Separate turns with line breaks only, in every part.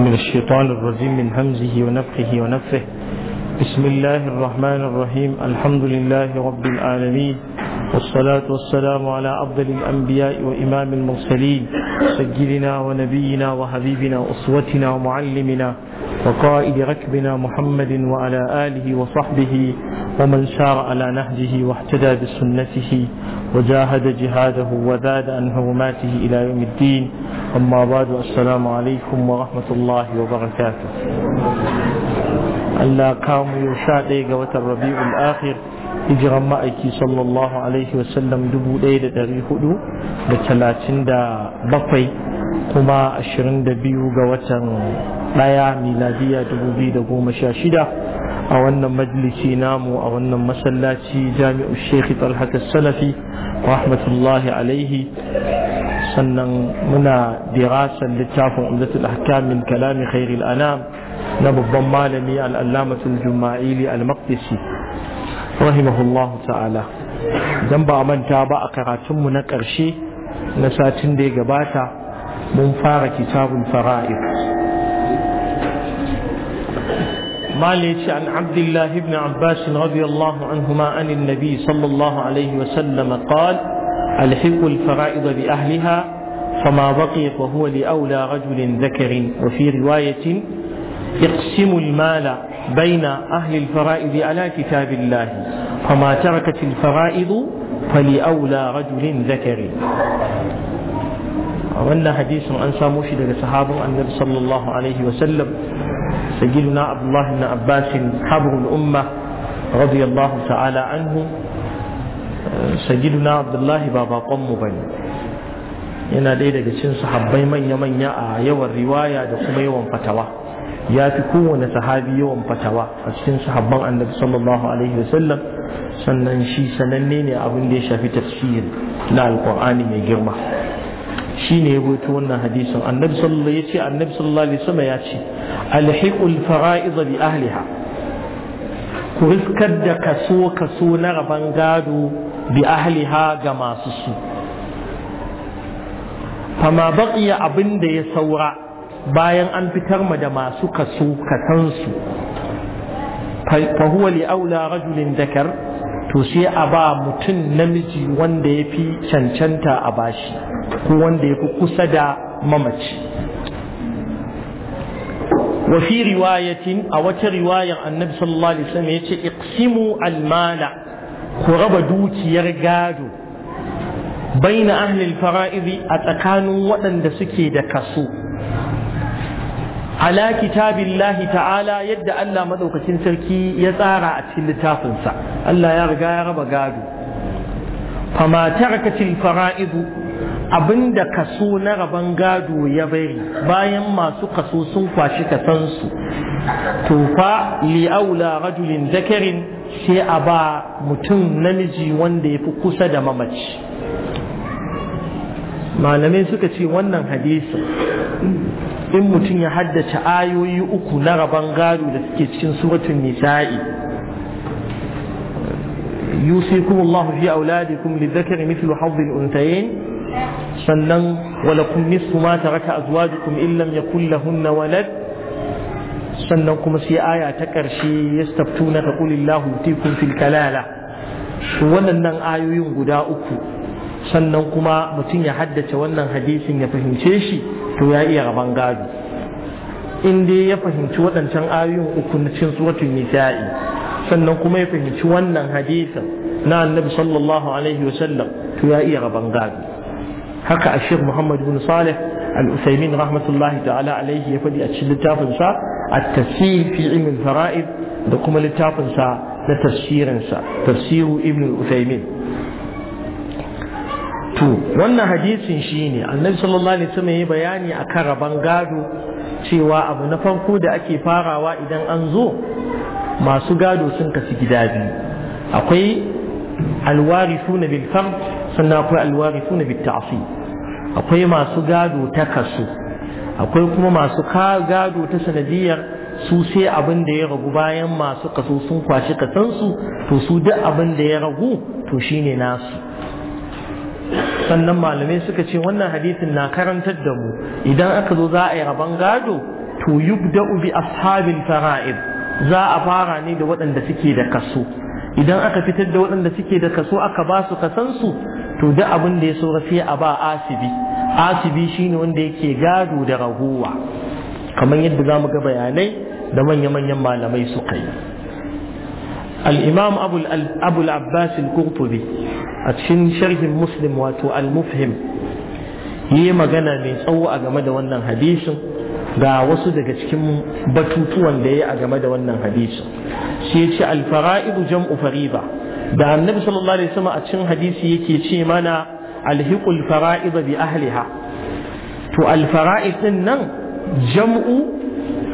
من الشيطان الرجيم من همزه ونفخه ونفه بسم الله الرحمن الرحيم الحمد لله رب العالمين والصلاة والسلام على أفضل الأنبياء وإمام المرسلين سجلنا ونبينا وحبيبنا وأسوتنا ومعلمنا وقائد ركبنا محمد وعلى آله وصحبه ومن سار على نهجه واهتدى بسنته وجاهد jihada وزاد عن حرماته إلى يوم الدين amma بعد السلام عليكم ورحمة wa وبركاته Allah kamu yau sha ɗaya ga watan rabi'ul akhir hijiran ma'aiki sallallahu alaihi wasallam dubu ɗaya da ɗari hudu da talatin da bakwai kuma ashirin da biyu ga watan ɗaya miladiya dubu biyu da goma sha shida a wannan majalisi namu a wannan masallaci jami'u shekhi talhat salafi rahmatullahi alaihi sannan muna dirasan littafin umdatul ahkam kalamin kalami khairil anam na babban malami al'allamatul juma'ili al-maqdisi rahimahullahu ta'ala dan ba a manta ba a karatunmu na ƙarshe na satin da ya gabata mun fara kitabun fara'id مالك عن عبد الله بن عباس رضي الله عنهما عن النبي صلى الله عليه وسلم قال الحق الفرائض بأهلها فما بقي فهو لأولى رجل ذكر وفي رواية يقسم المال بين أهل الفرائض على كتاب الله فما تركت الفرائض فلأولى رجل ذكر وأن حديث an samo shi صحابه sahabin صلى الله عليه وسلم سيدنا عبد الله بن عباس حبر الأمة رضي الله تعالى عنه سيدنا عبد الله بابا قم بني yana ɗaya daga cikin sahabbai manya-manya a yawan riwaya da kuma yawan fatawa ya fi kowane sahabi yawan fatawa a cikin sahabban annabi sallallahu alaihi wasallam sannan shi sananne ne abin da ya shafi tafsir na alkur'ani mai girma shine ya rawaito wannan hadisin annabi sallallahu yace annabi sallallahu alaihi wasallam ya ce alhiqul fara'id bi ahliha ku riskar da kaso kaso na raban gado bi ahliha ga masu su fama baqiya abin da ya saura bayan an fitar ma da masu kaso kasansu fa huwa li aula rajulin dakar to sai a ba mutum namiji wanda ya fi cancanta a bashi wanda ya fi kusa da mamaci Wafi riwayatin a wata riwayar annabi sallallahu alaihi wasallam ce iqsimu almala ku raba dukiyar gado baina ahli alfara'id a tsakanin waɗanda suke da kaso ala kitabillahi ta'ala yadda Allah madaukakin sarki ya tsara a cikin littafinsa Allah ya riga ya raba gado fama tarakatil fara'idu abinda kaso na rabon gado ya bari bayan masu kaso sun kwashi kasansu to fa li aula rajulin zakarin sai a ba mutum namiji wanda ya fi kusa da mamaci malamai suka ce wannan hadisi in mutum ya haddace ayoyi uku na rabon gado da suke cikin suratun nisa'i يوصيكم fi auladikum lidhakari mithlu مثل al الأنثيين sannan walakum nisfu ma taraka azwajukum illan ya yakul hunna walad sannan kuma sai aya ta ƙarshe yastaftunaka qul illahu yutikum fil kalala wannan ayoyin guda uku sannan kuma mutum ya haddace wannan hadisin ya fahimce shi to ya iya rabon gado in dai ya fahimci waɗancan ayoyin uku na cikin suratul nisa'i sannan kuma ya fahimci wannan hadisin na annabi sallallahu alaihi sallam, to ya iya rabon gado haka a shek muhammad bin salih al-usaimin rahmatullahi ta'ala alaihi ya faɗi a cikin littafinsa a tafsir fi ilmin fara'id da kuma littafinsa na tafsirinsa tafsiru ibn al-usaimin to wannan hadisin shine annabi sallallahu alaihi wasallam ya bayani kan rabon gado cewa abu na farko da ake farawa idan an zo masu gado sun kasu gida biyu akwai alwarithuna bil sannan akwai alwarithuna bittafi. akwai masu gado ta kasu akwai kuma masu gado ta sanadiyar su sai abin da ya ragu bayan masu kaso sun kwashi kasansu to su duk abin da ya ragu to shine nasu sannan malamai suka ce wannan hadisin na karantar da mu idan aka zo za a yi rabon gado to yubda'u bi ashabil fara'id za a fara ne da waɗanda suke da kaso idan aka fitar da waɗanda suke da kaso aka ba su kasansu to duk abin da ya so sai a ba asibi asibi shine wanda yake gado da ragowa kamar yadda zamu ga bayanai da manya-manyan malamai su suka yi Abbas أبو, أبو a cikin أتشن muslim wato al-mufhim yi magana mai tsawo a game da wannan hadisin ga wasu daga cikin batutuwan da ya a game da wannan hadisin shi ya ce alfara'idu jam'u fariba da annabi sallallahu alaihi wasallam a cikin hadisi yake ce mana alhiqul fara'id bi ahliha to alfara'id din nan jam'u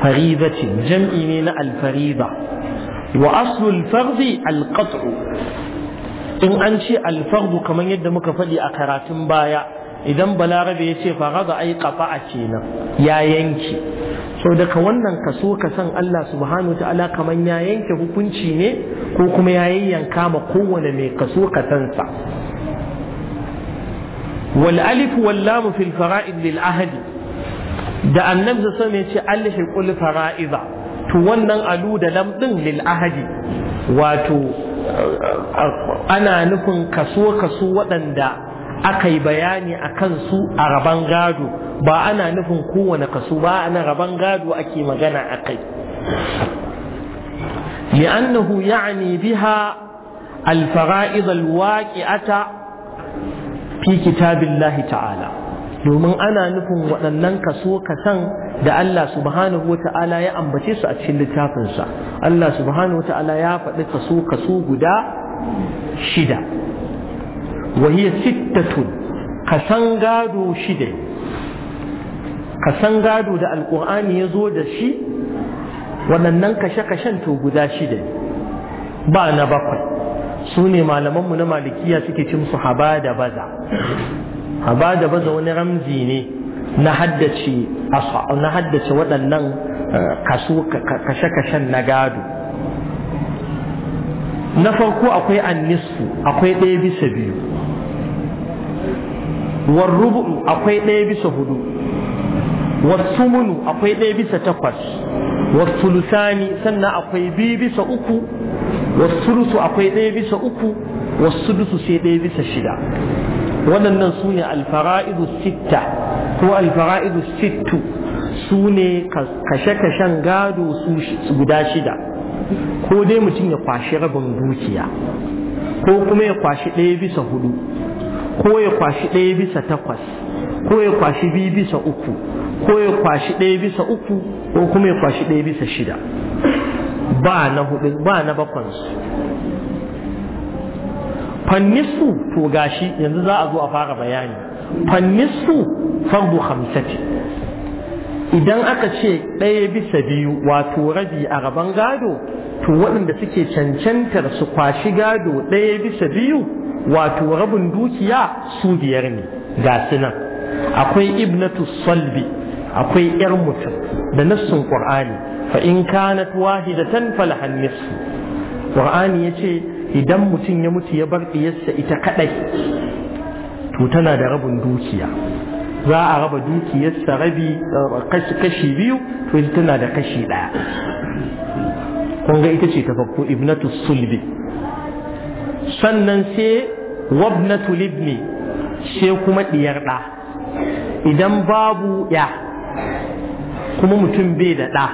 faridati jam'i ne na alfarida wa aslu alfardi alqat'u in an ce alfardu kamar yadda muka faɗi a karatun baya idan balarabe ya ce faraza ai kafa a kenan ya yanke sau daga wannan kaso ka san Allah subhanahu wa ta'ala kamar ya yanke hukunci ne ko kuma ya yayyanka ma kowane mai kaso ka sansa wal alif wal lam fil fara'id lil ahd da annabi sallallahu alaihi ce alhiqul fara'iza to wannan alu da lam din lil ahd wato ana nufin kaso kaso waɗanda aka yi bayani a kansu a raban gado ba ana nufin kowane kaso ba ana raban gado ake magana a kai li'annahu ya'ni biha al-fara'id al-waqi'ata fi kitabillahi ta'ala domin ana nufin waɗannan kaso kasan da Allah subhanahu wa ta'ala ya ambace su a cikin littafinsa Allah subhanahu wa ta'ala ya faɗi kaso kaso guda shida wa hiya sittatun kasan gado shida kasan gado da alkur'ani ya zo da shi waɗannan kashe-kashen to guda shida ba na bakwai su ne malamanmu na malikiya suke cin su haba da baza haba da baza wani ramzi ne na haddace waɗannan eh, kashe-kashen na gado na farko akwai annisu akwai ɗaya bisa biyu war rubu akwai ɗaya bisa hudu wasumunu akwai ɗaya bisa takwas wasulusani sannan akwai biyu bisa uku wasulusu akwai ɗaya bisa uku wasulusu sai ɗaya bisa shida waɗannan su ne alfara'idu sitta ko alfara'idu sittu su ne kashe-kashen gado su guda shida ko dai mutum ya kwashi rabin dukiya ko kuma ya kwashi ɗaya bisa hudu ko ya kwashi ɗaya bisa takwas ko ya kwashi biyu bisa uku ko ya kwashi ɗaya bisa uku ko kuma ya kwashi ɗaya bisa shida ba na hudu ba na bakwansu fannisu to gashi yanzu za a zo a fara bayani fannisu fardu hamsati idan aka ce ɗaya bisa biyu wato rabi a rabon gado to waɗanda suke cancantar su kwashi gado ɗaya bisa biyu wato rabin dukiya su biyar ne ga sunan akwai ibnatu salbi akwai yar mutum da nassun qur'ani fa in kanat wahidatan falahan nisfu qur'ani yace idan mutum ya mutu ya bar diyarsa ita kadai to tana da rabin dukiya za a raba dukiyarsa rabi kashi biyu to ita tana da kashi daya kun ga ita ce ta farko ibnatu sulbi sannan sai wabna tulibni sai kuma diyar ɗa. idan babu ya kuma mutum bai da ɗa.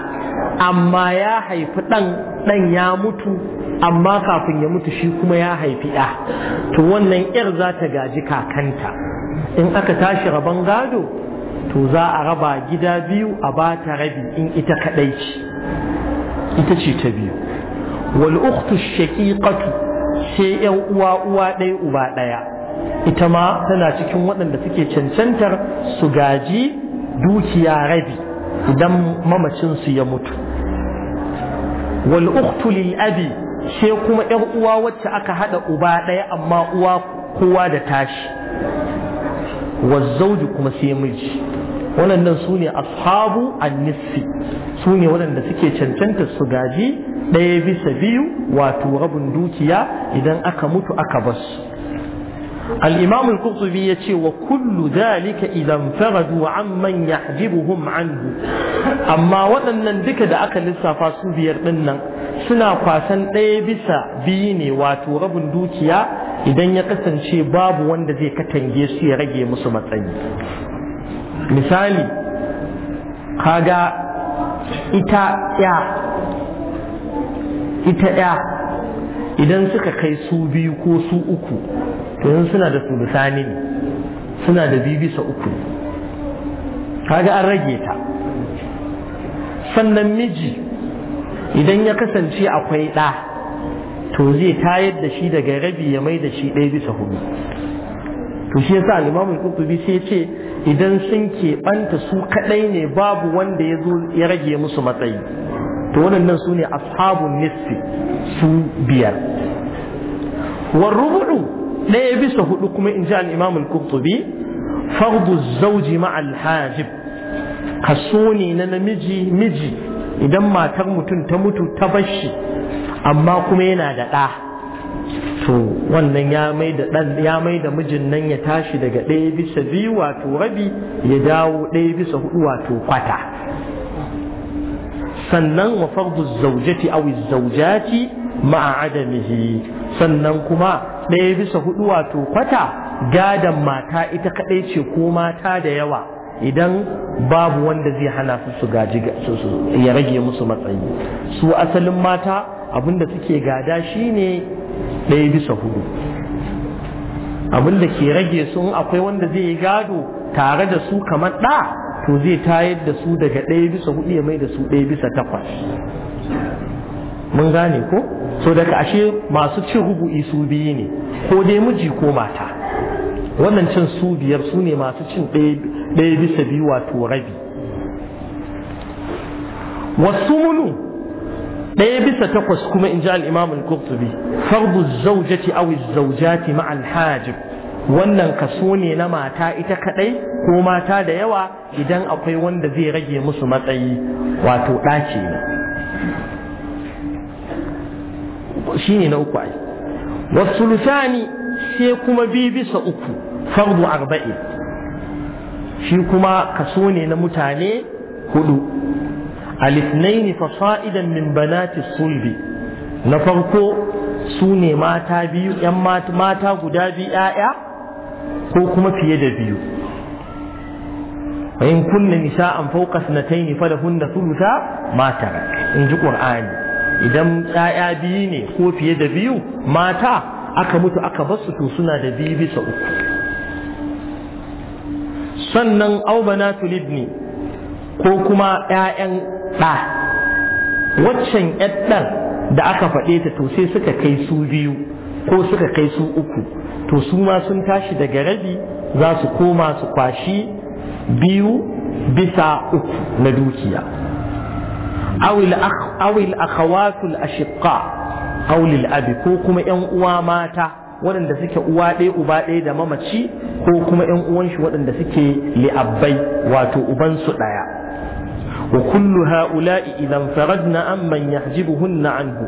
amma ya haifi ɗan, ɗan ya mutu amma kafin ya mutu shi kuma ya haifi ɗa to wannan 'yar za ta gaji kakanta in aka tashi rabon gado to za a raba gida biyu a ba ta rabi in ita kaɗai ce ita ce ta biyu wal ukhtu shaqiqatu sai yan uwa uwa ɗaya uba ɗaya ita ma tana cikin waɗanda suke cancantar su gaji dukiya rabi idan mamacinsu ya mutu wal abi sai kuma yan uwa wacce aka haɗa uba ɗaya amma uwa kowa da tashi wazzauji kuma sai miji waɗannan su ne ashabu annisfi su ne waɗanda suke cancanta su gaji ɗaya bisa biyu wato rabin dukiya idan aka mutu aka basu الإمام القرطبي يتي وكل ذلك إذا انفردوا عمن يحجبهم عنه أما وأن ذيك دا أكا لسا فاسو بيرمنا سنا فاسن بسا بيني واتو رب دوكيا إذا يقسن شي باب وان ذي كتنجيسي رجي مسمتين misali kaga ita ya ita ya idan suka kai su biyu ko su uku to yanzu suna da misali ne suna da biyu bisa uku kaga an rage ta sannan miji idan ya kasance akwai ɗa to zai tayar da shi daga rabi ya mai da shi ɗaya bisa hudu to shi yasa sa imamul sai ce idan sun keɓanta su kaɗai ne babu wanda ya zo ya rage musu matsayi to waɗannan su ne ashabun nisfi su biyar rubudu ɗaya bisa hudu kuma in ji al'imam al-kurtubi fardu zauji ma'al hajib kaso ne na namiji miji idan matar mutum ta mutu ta bashi amma kuma yana da ɗa to wannan ya mai da dan ya mijin nan ya tashi daga ɗaya bisa biyu wato rabi ya dawo ɗaya bisa hudu wato kwata sannan wa fardu zaujati aw zaujati ma'a adamihi sannan kuma ɗaya bisa hudu wato kwata gadan mata ita kaɗai ce ko mata da yawa idan babu wanda zai hana su su gaji ya rage musu matsayi su asalin mata abinda suke gada shine ɗaya bisa hudu abinda ke rage sun akwai wanda zai yi gado tare da su kamar ɗa to zai tayar da su daga ɗaya bisa hudu ya mai da su ɗaya bisa takwas mun gane ko so daga ashe masu cin rubu'i su biyu ne ko dai miji ko mata wannan cin su biyar su ne masu cin ɗaya bisa biyu wato rabi wasu munu ɗaya bisa takwas kuma in ji al'imam kurtubi farbu zaujati awi zaujati ma Alhaji. wannan kaso ne na mata ita kaɗai ko mata da yawa idan akwai wanda zai rage musu matsayi wato ɗaci ne shi ne na uku ai wasu lusani sai kuma bi bisa uku farbu arba'in shi kuma kaso ne na mutane hudu الاثنين fa'idan من بنات الصلب نفرقو سوني ماتا بيو يم ماتا ماتا غدا بي آيا ko kuma fiye da biyu in kunna nisa'an fawqa sanatayn falahunna thulutha ma tarak in ji qur'ani idan 'ya'ya biyu ne ko fiye da biyu mata aka mutu aka basu to suna da biyu bisa uku sannan au banatu libni ko kuma 'ya'yan ɗa waccan ɗan da aka faɗe ta to sai suka kai su biyu ko suka kai su uku to su ma sun tashi daga rabi za su koma su kwashi biyu bisa uku na dukiya awil akhawatul ashiqqa awil abi ko kuma yan uwa mata waɗanda suke uwa ɗaya uba ɗaya da mamaci ko kuma yan uwan shi waɗanda suke li'abbai wato ubansu su ɗaya وكل هؤلاء إذا انفردنا عمن يحجبهن عنه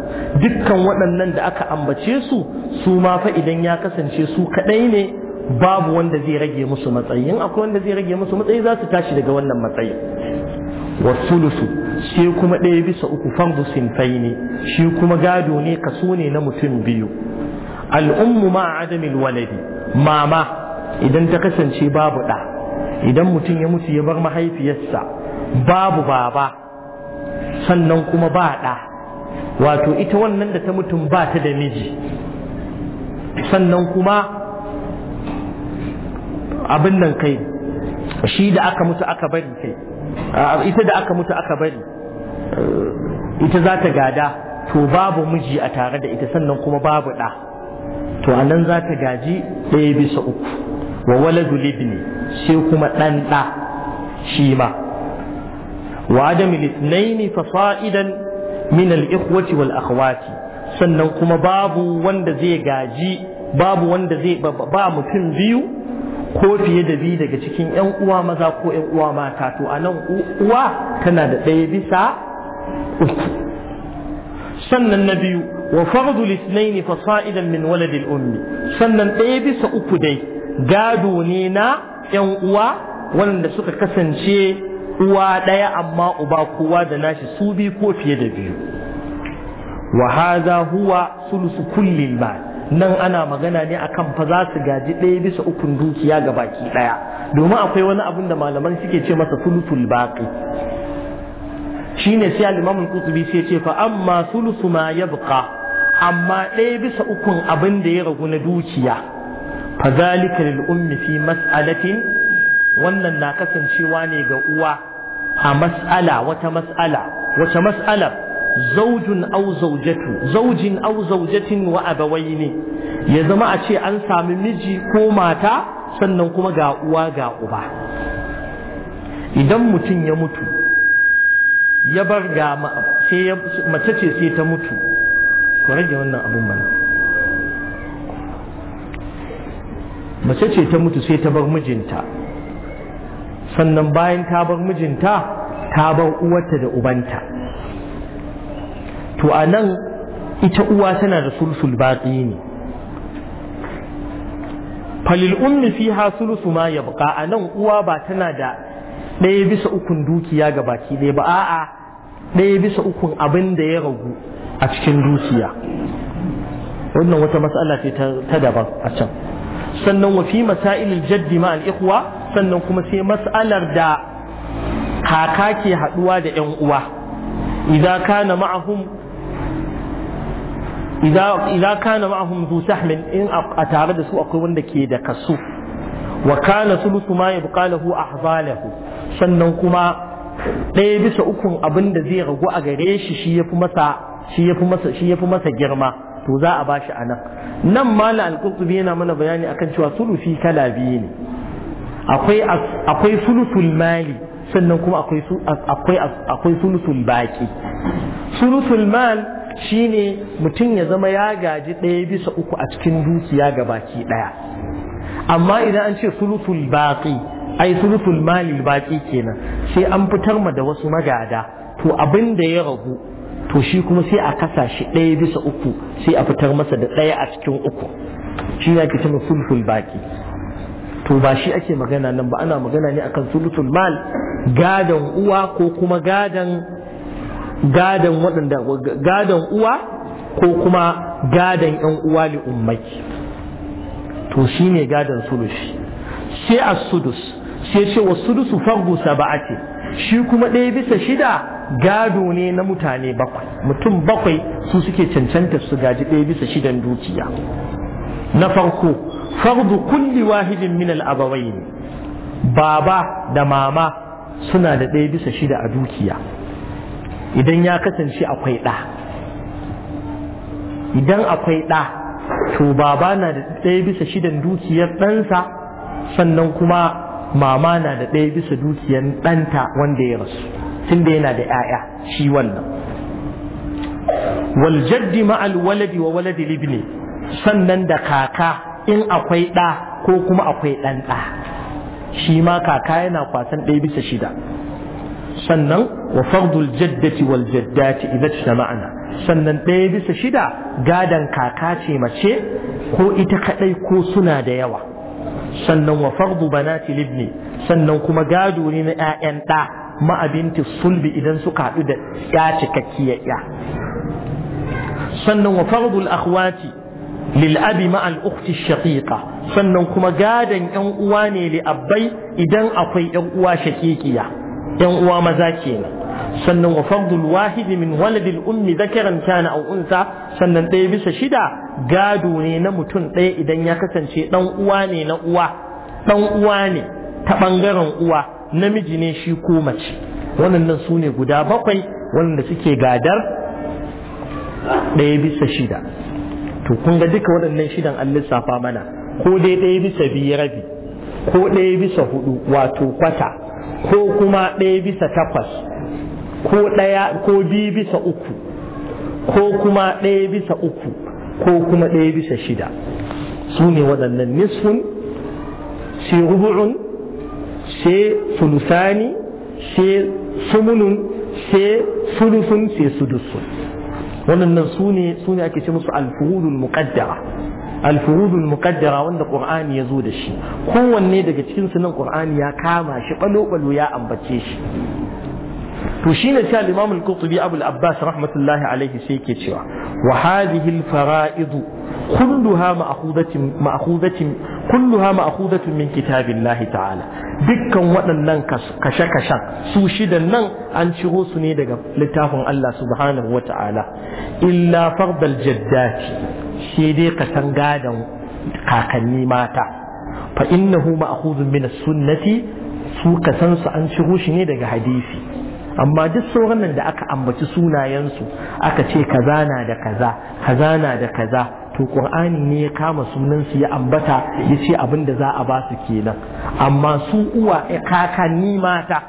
dukkan waɗannan da aka ambace su su ma fa idan ya kasance su kaɗai ne babu wanda zai rage musu matsayi in akwai wanda zai rage musu matsayi za su tashi daga wannan matsayi wasulusu sai kuma ɗaya bisa uku fardu sinfai ne shi kuma gado ne kaso ne na mutum biyu al'ummu ma adamil waladi mama idan ta kasance babu ɗa idan mutum ya mutu ya bar mahaifiyarsa babu baba sannan kuma ba ɗa wato ita wannan da ta mutum ba ta da miji sannan kuma abin nan kai shi da aka mutu aka bari kai ita da aka mutu aka bari ita za ta gada to babu miji a tare da ita sannan kuma babu ɗa to a nan za ta gaji ɗaya bisa uku wa waladu libni sai kuma ɗan ɗa shi ma وعدم الاثنين فصائدا من الإخوة والأخوات sannan kuma babu wanda zai gaji babu wanda zai ba mutum biyu ko fiye da biyu daga cikin 'yan uwa maza ko 'yan uwa mata to a nan uwa tana da ɗaya bisa uku sannan na biyu wa fardu lisnaini fa sa'idan min waladil ummi sannan ɗaya bisa uku dai gado ne na 'yan uwa wanda suka kasance uwa ɗaya amma uba kowa da nashi su bi ko fiye da biyu wa haza huwa sulusu kulli mal nan ana magana ne akan fa za su gaji ɗaya bisa ukun dukiya ga baki ɗaya domin akwai wani abin da malaman suke ce masa sulusul baqi shine sai al-imam al-qutubi sai ce fa amma sulusu ma yabqa amma ɗaya bisa ukun abin da ya ragu na dukiya fa zalika lil ummi fi mas'alatin wannan na kasancewa ne ga uwa a mas'ala wata mas'ala wata mas'alar zaujun au zaujatu zaujin au zaujatin wa abawaini ya zama a ce an sami miji ko mata sannan kuma ga uwa ga uba idan mutum ya mutu ya bar ga mace ce sai ta mutu ku rage wannan abun mana mace ce ta mutu sai ta bar mijinta sannan bayan ta bar mijinta ta bar uwarta da ubanta to anan ita uwa tana da sulsul baƙi ne falil ummi fiha sulusu ma yabqa a nan uwa ba tana da ɗaya bisa ukun dukiya ga baki ɗaya ba a'a ɗaya bisa ukun abin da ya ragu a cikin dukiya wannan wata matsala ce ta daban a can sannan wa fi masailil jaddi ma al ikhwa sannan kuma sai mas'alar da kaka ke haɗuwa da ‘yan uwa Iza kana ma'ahum idza in a tare da su akwai wanda ke da kasu wa kana sulusu ma yabqa a ahzalahu sannan kuma ɗaya bisa ukun abin da zai ragu a gare shi shi yafi masa masa girma to za a bashi anan nan nan al-qurtubi yana mana bayani akan cewa sulufi kala biyu ne akwai akwai mali sannan kuma akwai akwai akwai baki sulutul mal shine mutum ya zama ya gaji ɗaya bisa uku a cikin dukiya ga baki ɗaya amma idan an ce sulutul baki ai sulutul mali baki kenan sai an fitar ma da wasu magada to abin da ya ragu to shi kuma sai a kasa shi ɗaya bisa uku sai a fitar masa da ɗaya a cikin uku shi ya ke cin baki to ba shi ake magana nan ba ana magana ne akan sulutul mal gadon uwa ko kuma gadon gadon waɗanda gadon uwa ko kuma gadon yan uwa li ummaki to shine gadon sulushi sai a sudus sai ce wa sudusu fardu saba'ati shi kuma ɗaya bisa shida gado ne na mutane bakwai mutum bakwai su suke cancanta su gaji ɗaya bisa shidan dukiya na farko fardu kulli wahidin min al ne. baba da mama suna da ɗaya bisa shida a dukiya idan ya kasance akwai ɗa idan akwai ɗa to baba na da ɗaya bisa shidan dukiyar ɗansa sannan kuma mama na da ɗaya bisa dukiyar ɗanta wanda ya rasu tunda yana da 'ya'ya shi wannan wal jaddi ma'al waladi wa waladi libni sannan da kaka in akwai ɗa ko kuma akwai ɗan ɗa shi ma kaka yana kwasan ɗaya bisa shida sannan wa fardul jaddati wal jaddati idza ijtama'na sannan ɗaya bisa shida gadan kaka ce mace ko ita kadai ko suna da yawa sannan wa fardu banati libni sannan kuma gado ne na ƴaƴan ɗa ma'abinti sulbi idan suka haɗu da ya cikakkiyar ya sannan wa fardul akhwati lil'abi ma'al ukti shaqiqa sannan kuma gadon yan uwa ne li idan akwai yan uwa shaqiqiya yan uwa maza kenan sannan wa fardul wahid min waladil ummi zakaran kana aw unsa sannan ɗaya bisa shida gado ne na mutum ɗaya idan ya kasance dan uwa ne na uwa dan uwa ne ta bangaren uwa namiji ne shi ko mace wannan sune guda bakwai wanda suke gadar ɗaya bisa shida to kun ga duka waɗannan shidan an lissafa mana ko dai ɗaya bisa biyar rabi ko ɗaya bisa hudu wato kwata ko kuma ɗaya bisa takwas ko ɗaya ko biyu bisa uku ko kuma ɗaya bisa uku ko kuma ɗaya bisa shida su ne waɗannan nisfun sai rubu'un sai sulusani sai sumunun sai sulufun sai sudusun wannan su ne ake ce musu al alfurudul muqaddara al alfurudul muqaddara wanda qur'ani yazo da shi kowanne daga cikin sunan qur'ani ya kama shi balo balo ya ambace shi to shine sai al-imam al-qurtubi abul abbas rahmatullahi alayhi sai yake cewa wa hadhihi al-fara'id kulluha ma'khudatin ma'khudatin kulluha ma'khudatin min kitabillahi ta'ala dukkan waɗannan kashe-kashen su shidan nan an ciro su ne daga littafin Allah subhanahu wa ta'ala illa fardal jaddati shi dai kasan gadon kakanni mata fa innahu ma'khudun min sunnati su kasan su an ciro shi ne daga hadisi amma duk sauran nan da aka ambaci sunayensu aka ce kaza na da kaza kaza na da kaza to qur'ani ne ya kama sunan su ya ambata ya ce abin da za a ba su kenan amma su uwa eh, kakanni mata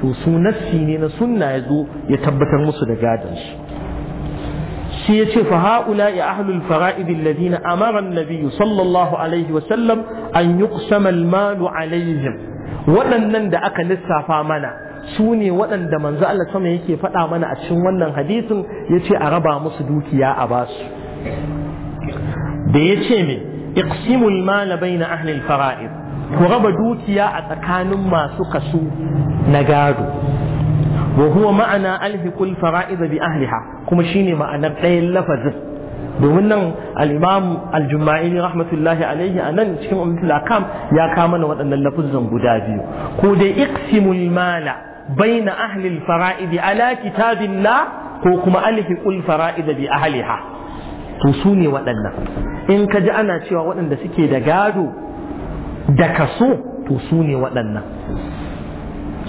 to su nassi ne na sunna ya zo ya tabbatar musu da gadon su shi ya ce fa ha'ula ya ahlul fara'id alladhina amara an-nabiy sallallahu alaihi wa sallam an yuqsama al-malu alaihim waɗannan da aka lissafa mana su ne waɗanda manzo Allah sama yake faɗa mana a cikin wannan hadisin ya ce a raba musu dukiya a basu da ya ce min iqsimul mala baina ahli al-fara'id ku raba dukiya a tsakanin masu kasu na gado wa huwa ma'ana alhiqul fara'id bi ahliha kuma shine ma'anar ɗayan lafazin domin nan al-imam al rahmatullahi alaihi anan cikin ummatul akam ya kama na waɗannan lafuzan guda biyu ko dai iqsimul mala baina ahli al-fara'id ala kitabillah ko kuma alhiqul fara'id bi ahliha to su ne waɗannan in ka ji ana cewa waɗanda suke da gado da kaso to su ne waɗannan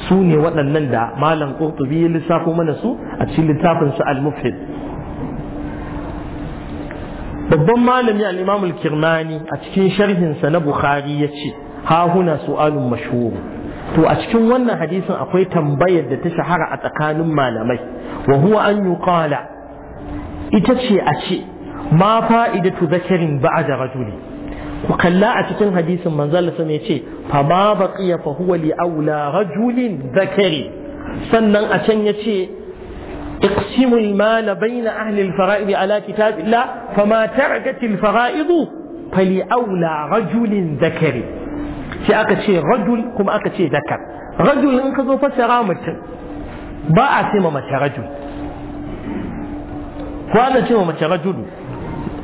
su ne waɗannan da malam ƙurtubi ya lissafo mana su a cikin littafin su al-mufid babban malami al kirmani a cikin sharhinsa na bukhari ya ce ha huna su'alun mashhur to a cikin wannan hadisin akwai tambayar da ta shahara a tsakanin malamai wa huwa an yuqala ita ce a ce ما فائدة ذكر بعد رجل وقال لا أتكون حديث من زال سميتي فما بقي فهو لأولى رجل ذكر سنن أتنيتي اقسم المال بين أهل الفرائض على كتاب الله فما تركت الفرائض فلأولى رجل ذكر sai aka ce رجل kuma aka ce zakar rajul in ka zo fassara mutum ba رجل ce ma mace rajul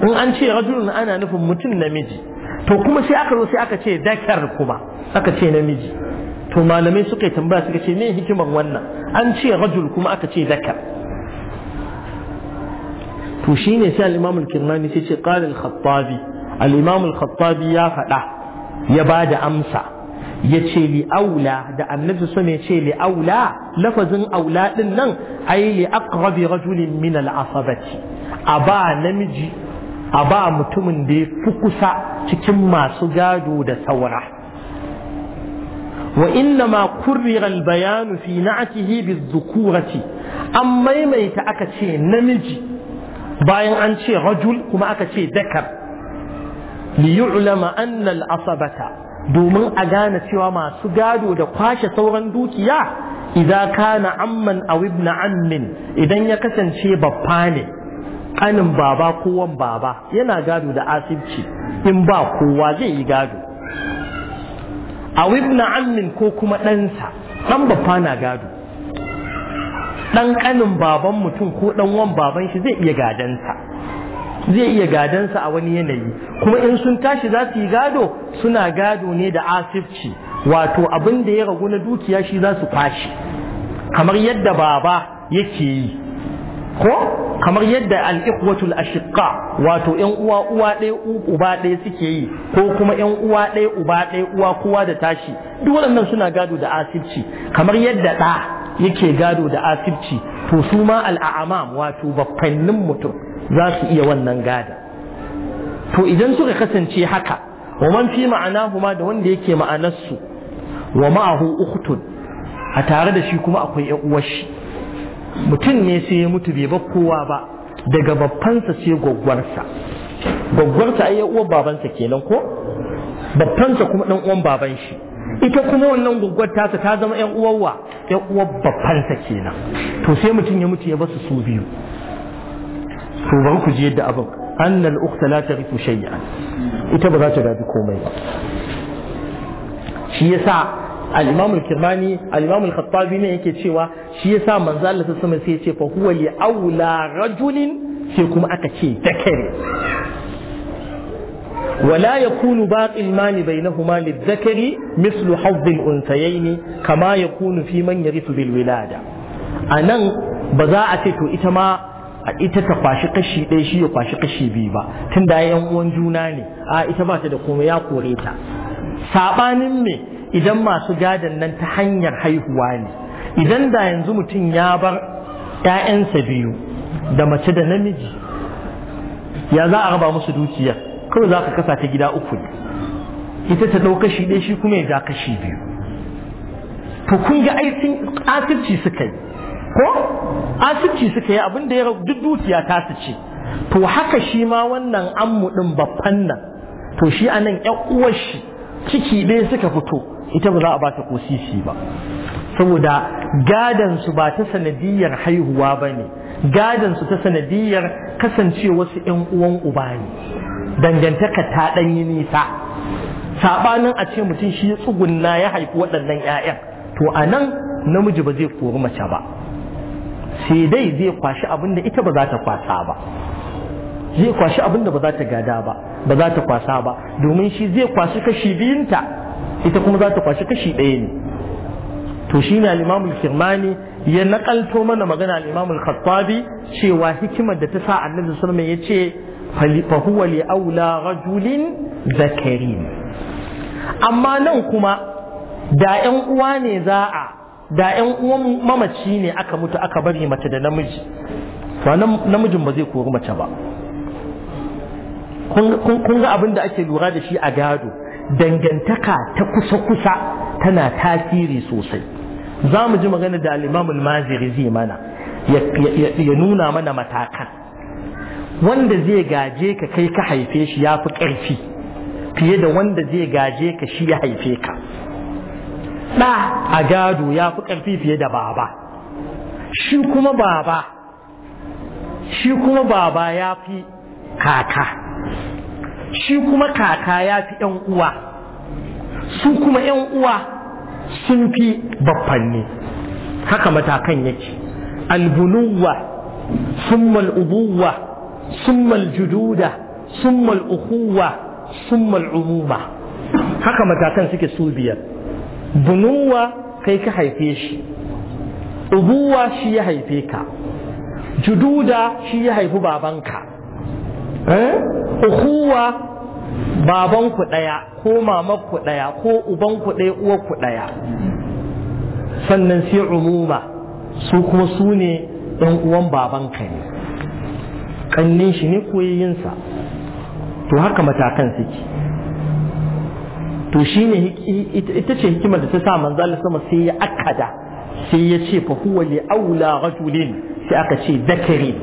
in an ce rajulun ana nufin mutum namiji to kuma sai aka zo sai aka ce dakar kuma aka ce namiji to malamai suka yi tambaya suka ce me hikimar wannan an ce rajul kuma aka ce dakar to shine sai al-Imam al-Kirmani sai ce qala al-Khattabi al-Imam al-Khattabi ya faɗa ya ba da amsa ya ce li aula da annabi su ne ce li aula lafazin aula din nan ai li aqrabi rajulin min al-asabati a ba namiji a ba mutumin da ya fi kusa cikin masu gado da saura wa inna ma kurriran bayanu fi na'atihi ce. an maimaita aka ce namiji bayan an ce rajul kuma aka ce dakar li yu'lama anna al-asabata domin a gane cewa masu gado da kwashe sauran dukiya idza kana amman aw ibn ammin idan ya kasance babba ne ƙanin baba kowan baba yana gado da asibci in ba kowa zai yi gado a wibna ammin ko kuma ɗansa ɗan babba na gado ɗan ƙanin baban mutum ko ɗan wan baban shi zai iya gadansa zai iya gadansa a wani yanayi kuma in sun tashi za su yi gado suna gado ne da asibci wato abin da ya ragu na dukiya shi za su kwashe kamar yadda baba yake yi ko kamar yadda al-ikhwatul ashiqqa wato 'yan uwa uwa ɗaya uba ɗaya suke yi ko kuma 'yan uwa ɗaya uba ɗaya uwa kowa da tashi duk waɗannan suna gado da asibci kamar yadda ɗa yake gado da asibci to su ma al'amam wato baffannin mutum za su iya wannan gada to idan suka kasance haka wa man fi huma da wanda yake ma'anarsu wa ma'ahu ukhtun a tare da shi kuma akwai 'yan uwar shi mutum ne sai ya mutu bai bar kowa ba daga babbansa sai gwaggwarsa gwaggwarsa ai uwar babansa kenan ko babbansa kuma dan uwan baban shi ita kuma wannan gwaggwar tasa ta zama yan uwarwa yan uwar babbansa kenan to sai mutum ya mutu ya basu su biyu to bari ku ji yadda abin annal ukhta la tarifu shay'an ita ba za ta gaji komai ba shi yasa al-imam al-kirmani ne yake cewa shi yasa manzo Allah ta sama sai aka ce fa Wala li aula rajulin sai na Humali, ce zakari ولا يكون kama ya kunu للذكر مثل حظ الأنثيين كما يكون في من يرث بالولادة أنا بزاعة إتما ita ta kwashi kashi ɗaya shi ya kwashi kashi biyu ba tunda da yan uwan juna ne aa ita ba ta da komai ya kore ta sabanin me idan masu gadon nan ta hanyar haihuwa ne idan da yanzu mutum ya bar 'ya'yansa biyu da mace da namiji ya za a raba musu dukiyar kawai za ka kasa ta gida uku ne ita ta ɗau kashi ɗaya shi kuma ya ja kashi biyu to kun ga aikin asirci suka yi ko asirci suka yi abinda ya duk dukiya ta su ce to haka shi ma wannan ammu ɗin babban nan to shi anan ƴan uwar shi ciki ɗaya suka fito ita ba za a ba ta kosisi ba saboda gadon su ba ta sanadiyar haihuwa ba ne su ta sanadiyar kasance wasu yan uwan uba ne dangantaka ta ɗanyi nisa saɓanin a ce mutum shi tsugunna ya haifi waɗannan ƴaƴan to a nan namiji ba zai kori mace ba sai dai zai kwashi abin da ita ba za ta kwasa ba zai kwashi abin da ba za ta gada ba ba za ta kwasa ba domin shi zai kwashi kashi biyunta ita kuma za ta kwashi kashi ɗaya ne to shi ne al'imamul kirmani ya naƙalto mana magana al'imamul khattabi cewa hikimar da ta sa annabi sulman ya ce fahuwa li aula rajulin zakarin amma nan kuma da ‘yan uwa ne za a da ‘yan uwan mamaci ne aka mutu aka bari mace da namiji to namijin ba zai kori mace ba kun ga abin da ake lura da shi a gado dangantaka ta kusa-kusa tana tasiri sosai za mu ji magana da al'imamul maziri zai mana ya nuna mana matakan wanda zai gaje ka kai ka haife shi ya fi ƙarfi fiye da wanda zai gaje ka shi ya haife ka ɗa a gado ya fi ƙarfi fiye da baba shi kuma baba shi kuma baba ya fi kaka shi kuma kaka ya fi ‘yan uwa su kuma ‘yan uwa sun fi baffanni haka matakan yake albunuwa summal ubuwa summal jududa summal Uhuwa, summal umuma haka matakan suke su biyar bunuwa kai ka haife shi ubuwa shi ya haife ka jududa shi ya haifi babanka Eh? ukuwa baban ku ɗaya, ko mamaku ɗaya, ko ubanku ku ɗaya ɗaya, sannan sai umuma su kuma su ne ɗan uwan baban ne kannin shi ne koyayyinsa to haka matakan suke to ne ita ce hikimar da ta sa manzo sama sai ya akada sai ya ce fa huwa li aula rajulin sai aka ce zakari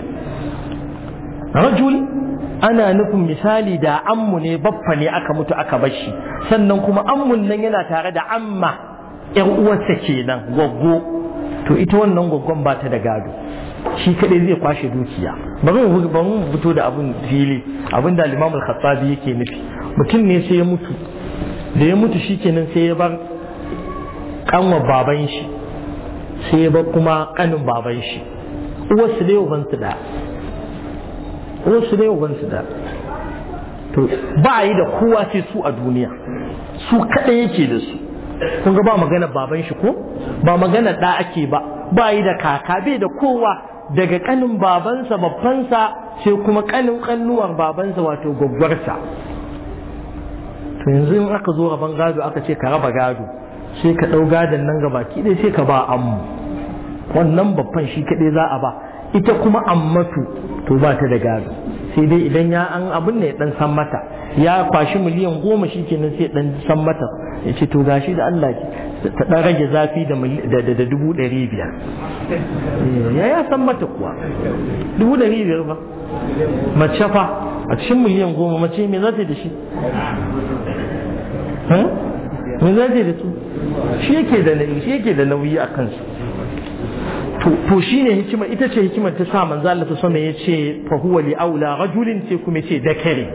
rajul ana nufin misali da ammu ne baffa ne aka mutu aka bashi sannan kuma ammun nan yana tare da amma 'yar uwarsa kenan gwaggo to ita wannan gwaggon ba ta da gado shi kadai zai kwashe dukiya bari mu fito da abun fili abin da Imam al yake nufi mutum ne sai ya mutu da ya mutu shikenan sai ya bar kanwa baban shi sai ya bar kuma kanin baban shi uwarsu da yau ban su da wasu ne ubansu da to ba yi da kowa sai su a duniya su kaɗai yake da su kun ga ba magana baban shi ko ba magana da ake ba ba yi da kaka bai da kowa daga kanin babansa babbansa sai kuma kanin kannuwar babansa wato gwaggwarsa to yanzu in aka zo rabon gado aka ce ka raba gado sai ka ɗau gadon nan gaba ki sai ka ba amu wannan babban shi kaɗai za a ba ita kuma ammatu to ba ta da gado sai dai idan ya an abin ne dan san mata ya kwashi miliyan goma shi kenan sai dan san mata ya ce to gashi da Allah ki ta dan rage zafi da da dubu ɗari biyar eh, ya ya san mata kuwa dubu ɗari biyar ba mace fa a cikin miliyan goma mace me za ta da shi eh? me za ta da su shi yake da nauyi a kansu to shine hikima ita ce hikimar ta sa manzo Allah sama ya ce fa huwa li aula rajulin sai kuma ce dakare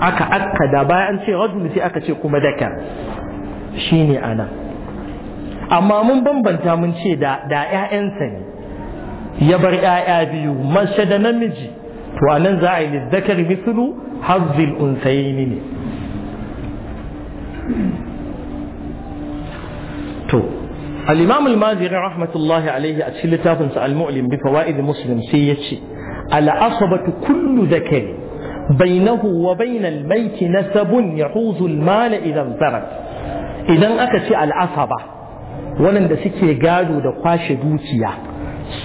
aka akka da bayan an ce rajul sai aka ce kuma daka shine ana amma mun bambanta mun ce da da ƴaƴansa ne ya bar ƴaƴa biyu mace da namiji to anan za a yi lizzakar mithlu hazzil unsayini ne al-imam al-maziri rahmatullahi alaihi a cikin littafin su al-mu'lim bi fawaid muslim sai yace al-asabatu kullu zakari bainahu wa bainal maiti nasabun yahuzu al-mal idan zarat idan aka ce al-asaba waɗanda suke gado da kwashe dukiya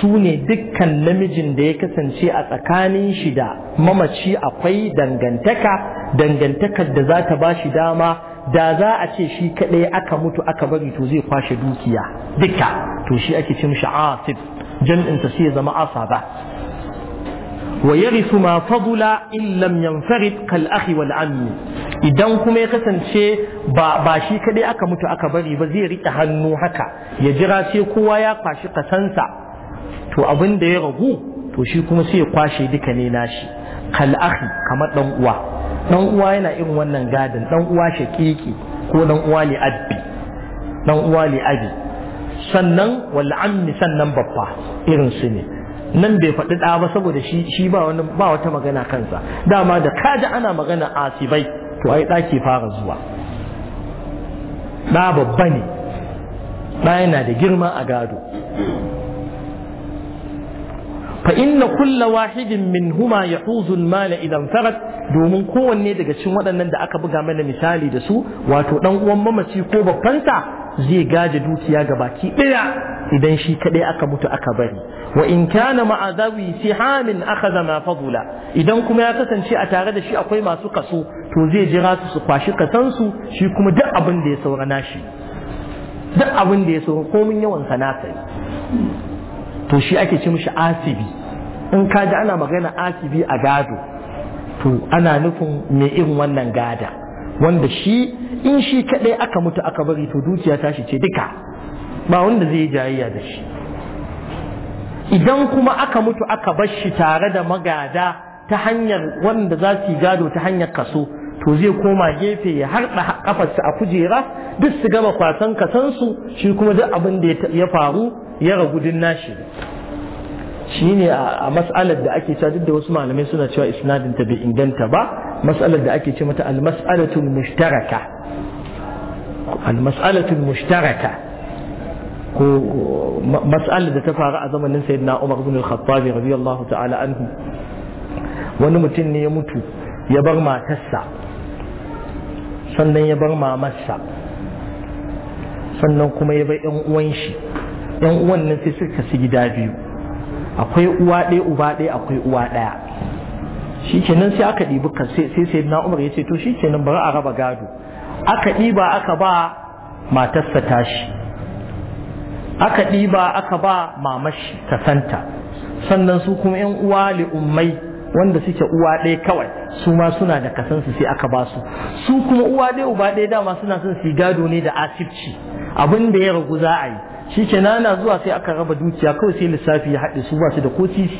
su ne dukkan namijin da ya kasance a tsakanin shi da mamaci akwai dangantaka dangantakar da za ta ba shi dama da za a ce shi kaɗai aka mutu aka bari to zai kwashe dukiya duka to shi ake ce mishi asif jam'insa sai ya zama asaba wa yarithu ma fadula in lam yanfarid kal akhi wal ammi idan kuma ya kasance ba ba shi kaɗai aka mutu aka bari ba zai riƙe hannu haka ya jira sai kowa ya kwashi kasansa to abin da ya ragu to shi kuma sai ya kwashe duka ne nashi kal akhi kamar dan uwa dan uwa yana irin wannan gadin dan uwa shakiki ko dan uwa ne abbi dan uwa ne abi sannan wal ammi sannan babba irin su ne nan bai faɗi ɗa ba saboda shi shi ba wani ba wata magana kansa dama da kaji ana magana asibai to ai ɗa fara zuwa ɗa babba ne ɗa yana da girma a gado fa inna kulla wahidin min huma huzun al-mal idan farat domin kowanne daga cikin waɗannan da aka buga mana misali da su wato dan uwan mamaci ko babbansa zai gaje dukiya ga baki ɗaya idan shi kaɗai aka mutu aka bari wa in kana ma'azawi sihamin akhadha ma fadula idan kuma ya kasance a tare da shi akwai masu kaso to zai jira su su kwashi kasansu shi kuma duk abin da ya saura nashi duk abin da ya saura komin yawan sana'a to shi ake ce mishi asibi in ka ji ana magana asibi a gado to ana nufin mai irin wannan gada wanda shi in shi kadai aka mutu aka bari to dukiya ta shi ce duka ba wanda zai yi jayayya da shi idan kuma aka mutu aka bar shi tare da magada ta hanyar wanda za su yi gado ta hanyar kaso to zai koma gefe ya harɗa kafarsa a kujera duk su gama kwasan kasansu shi kuma duk abin da ya faru ya gudun nashi shi ne a mas'alar da ake cewa duk da wasu malamai suna cewa isnadin ta bai inganta ba mas'alar da ake ce mata al-mas'alatul mushtaraka al-mas'alatul mushtaraka ko mas'alar da ta faru a zamanin sayyidina Umar ibn al-Khattab radiyallahu ta'ala anhu wani mutum ne ya mutu ya bar matarsa sannan ya bar mamarsa sannan kuma ya bar 'yan uwan shi yan uwan nan sai suka kasu gida biyu akwai uwa ɗaya uba ɗaya akwai uwa ɗaya shikenan sai aka ɗibi sai sai na umar ya ce to shikenan bari a raba gado aka ɗiba aka ba matarsa tashi aka ɗiba aka ba mamashi ta santa sannan su kuma yan uwa li'ummai wanda suke uwa ɗaya kawai su ma suna da kasansu sai aka ba su su kuma uwa ɗaya uba ɗaya dama suna son su gado ne da asibci abin da ya ragu za a yi shi ke nana zuwa sai aka raba dukiya kawai sai lissafi ya haɗe su ba su da ko sisi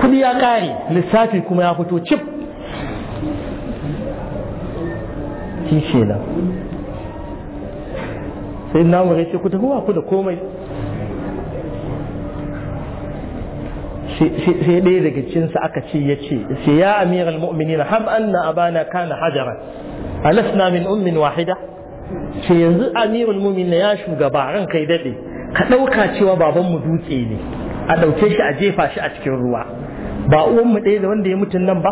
kudi ya ƙare lissafi kuma ya fito cif shi ke nan sai namu ya ce ku tafi ku da komai sai ɗaya daga cinsa aka ce ya ce sai ya amiral mu'minina ham anna abana kana hajara alasna min ummin wahida ce yanzu amirul mumin ya shugaba ran kai daɗe ka ɗauka cewa babanmu dutse ne a ɗauke shi a jefa shi a cikin ruwa ba uwanmu ɗaya da wanda ya mutun nan ba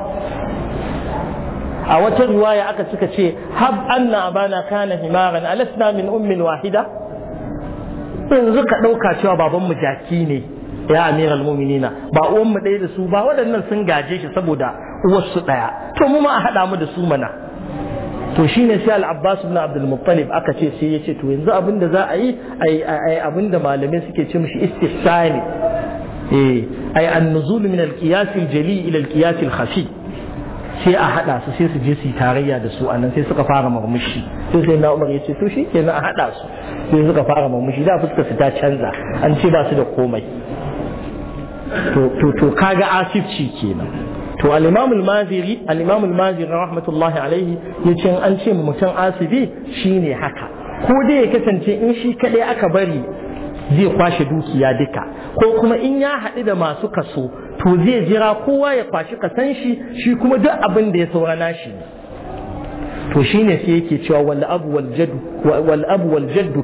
a wata ruwaya aka suka ce hab anna abana kana himaran alasna min ummin wahida yanzu ka ɗauka cewa babanmu jaki ne ya amiral muminina ba uwanmu ɗaya da su ba waɗannan sun gaje shi saboda uwarsu ɗaya to mu ma a haɗa mu da su mana to ne sai al-abbas ibn abdul muttalib aka ce sai ya ce to yanzu abin da za a yi ai abin da malamai suke ce mishi istihsani eh ai an-nuzul min al-qiyas al-jali ila al-qiyas al-khafi sai a hada su sai su je su tarayya da su anan sai suka fara murmushi Sai sai na umar ya ce to shi kenan a hada su sai suka fara murmushi da fuska su ta canza an ce ba su da komai to to to kaga asifci kenan to al-imam maziri al maziri rahmatullahi alaihi ce an ce mutum asibi shine haka ko dai ya kasance in shi kaɗai aka bari zai kwashe dukiya duka ko kuma in ya haɗu da masu kaso to zai jira kowa ya kwashi kasan shi shi kuma duk abin da ya saura nashi to shine sai yake cewa wal abu wal jaddu wal abu wal jaddu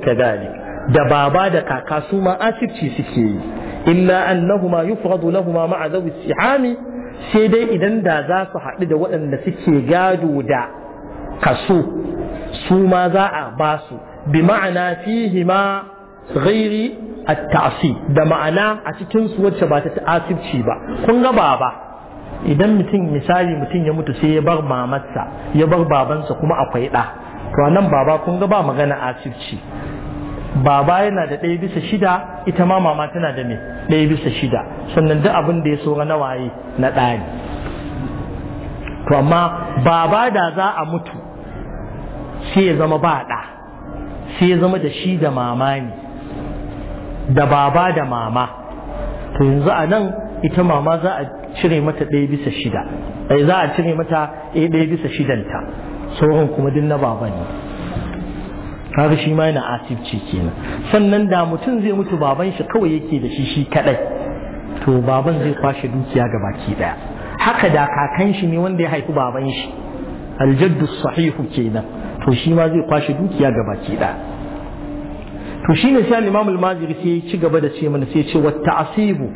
da baba da kaka su ma asibci suke yi illa annahuma yufradu lahumu ma'a dhawi sihami sai dai idan da za su haɗu da waɗanda suke gado da kaso su ma za a ba su bi ma'ana fihi ma ghairi at tasi da ma'ana a cikin su wacce ba ta ta'asibci ba kun ga baba idan mutum misali mutum ya mutu sai ya bar mamarsa ya bar babansa kuma akwai ɗa to nan baba kun ga ba magana asibci baba yana da ɗaya bisa shida ita ma mama tana da me ɗaya bisa shida sannan duk abin da ya saura na waye na ɗari to amma baba da za a mutu sai ya zama ba ɗa sai ya zama da shi da mama ne da baba da mama to yanzu a nan ita mama za a cire mata ɗaya bisa shida eh, za a cire mata eh, ɗaya bisa shidanta sauran kuma duk na baba ne kaga shi ma yana asibci kenan sannan da mutum zai mutu baban shi kawai yake da shi shi kadai to baban zai kwashe dukiya ga baki daya haka da kakan shi ne wanda ya haifi baban shi aljaddu sahihu kenan to shi ma zai kwashe dukiya ga baki daya to shine sai imam al-maziri sai ya ci gaba da ce mana sai ya ce wa ta'sibu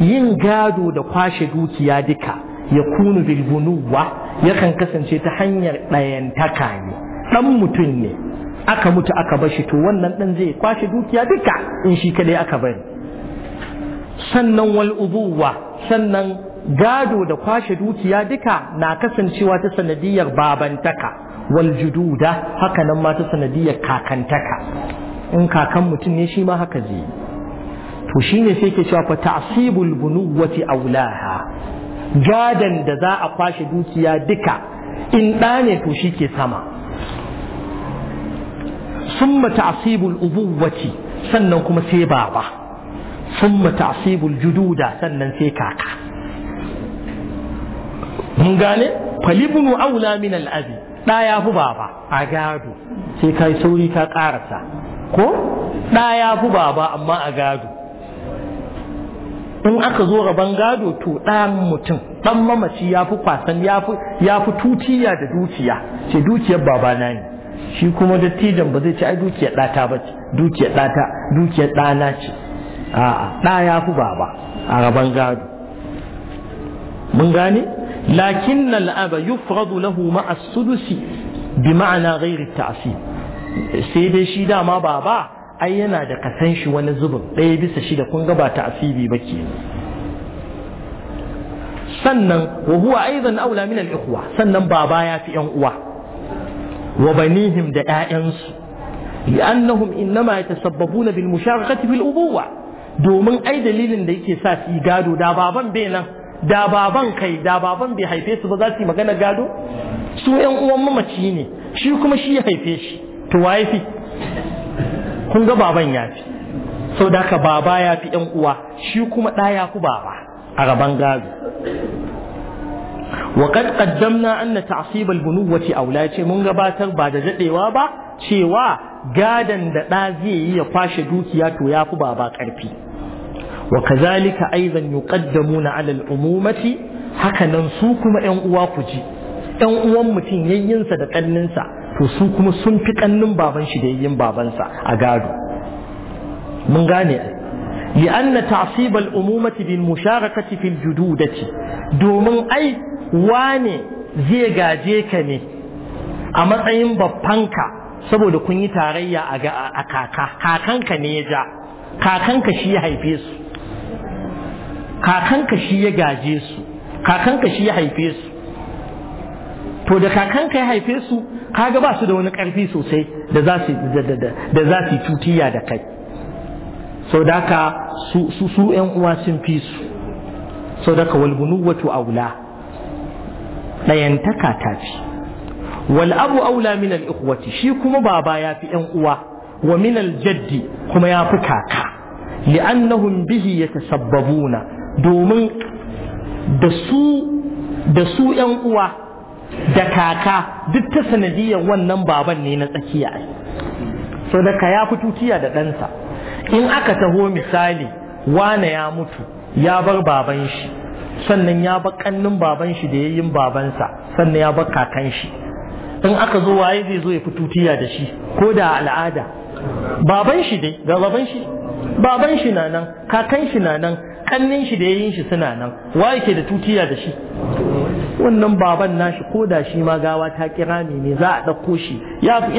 yin gado da kwashe dukiya duka ya kunu bil bunuwa yakan kasance ta hanyar ɗayantaka ne ɗan mutum ne aka mutu aka bashi to wannan ɗan zai kwashe dukiya duka in shi kadai aka bari sannan wal ubuwa sannan gado da kwashe dukiya duka na kasancewa ta sanadiyar babantaka wal jududa haka nan ma ta sanadiyar kakantaka in kakan mutum ne shi ma haka zai to shine sai ke cewa fa ta'sibul bunuwati aulaha gadan da za a kwashe dukiya duka in ɗa to shi ke sama summa ta'sibul ubuwati sannan kuma sai baba summa ta'sibul jududa sannan sai kaka mun gane falibnu aula min al-abi da ya fi baba a gado sai kai sauri ka karasa ko da ya fi baba amma a gado in aka zo rabon gado to ɗan mutum ɗan mamaci ya fi kwasan ya fi tutiya da dukiya ce dukiyar babana ne shi kuma dattijan ba zai ci ai dukiyar ɗata ba ce dukiyar ɗata dukiyar ɗana ce ɗa ya fi baba a rabon gado mun gane lakin al'aba yufradu lahu ma'a sulusi bi ma'ana ghairi ta'sib sai dai shi dama baba ai yana da kasan shi wani zubin ɗaya bisa shida kun ga ba ba ke sannan wa huwa aidan aula min al-ikhwa sannan baba ya fi yan uwa wa banihim da ‘ya'yansu, li'annahum innama yatasabbabuna bil musharakati bil ubuwa domin ai dalilin da yake sa su yi gado da baban bai nan da baban kai da baban bai haife su ba za su yi magana gado su ‘yan uwan mamaci ne shi kuma shi ya haife shi to waye fi kun ga baban ya fi sau ka baba ya fi ‘yan uwa shi kuma ɗaya ku baba a rabon gado وقد قدمنا أن تعصيب البنوة أولى mun gabatar ba da daɗewa ba cewa gadon da ɗa zai yi ya kwashe dukiya to ya fi baba karfi. wa kazalika aizan na alal al-umumati hakanan su kuma 'yan uwa ku ji ƴan uwan mutum yayyinsa da ƙanninsa to su kuma sun fi ƙannin baban shi da yayyin babansa a gado mun gane لأن تعصيب الأمومة بالمشاركة في الجدودة دومن أي wane zai gaje ka ne a matsayin babbanka saboda kun yi tarayya a kaka kakanka ne ya ja kakanka shi ya haife su kakanka shi ya gaje su kakanka shi ya haife su to da kakanka ya haife su kaga ba su da wani karfi sosai da za su da za su tutiya da kai sau da ka su su yan uwa sun fi su sau da ka walbunu wato aula ɗayantaka ta fi wal abu aula min al ikhwati shi kuma baba ya fi ƴan uwa wa min al jaddi kuma ya fi kaka li'annahum bihi yatasabbabuna domin da su da su ƴan uwa da kaka duk ta sanadiyar wannan baban ne na tsakiya so da ka ya fi tutiya da ɗansa in aka taho misali wane ya mutu ya bar baban shi sannan ya ba kannin baban shi da yayin babansa sannan ya ba kakan shi in aka zo waye zai zo ya fitutiya da shi ko da al'ada baban shi dai ga baban shi baban shi na nan kakan shi na nan kannin shi da yayin shi suna nan waye ke da tutiya da shi wannan baban nashi ko da shi ma gawa ta kira ne ne za a ɗauko shi ya fi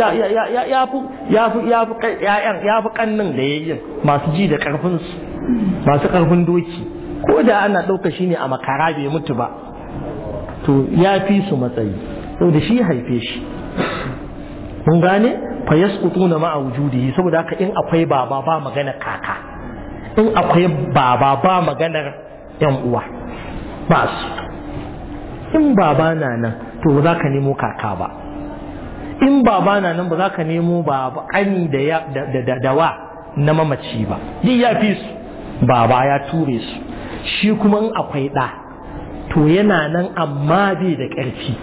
ƙannin da ya yi masu ji da ƙarfinsu masu ƙarfin doki ko da ana ɗauka shi ne a makara bai mutu ba to ya fi su matsayi saboda shi haife shi kun gane fa na ma'a wujudihi saboda haka in akwai baba ba magana kaka in akwai baba ba maganar yan uwa ba su in baba na nan to ba za ka nemo kaka ba in baba na nan ba za ka nemo baba ani da da da dawa na mamaci ba duk ya fi su baba ya ture su shi kuma akwai ɗa to yana nan amma bai da ƙarfi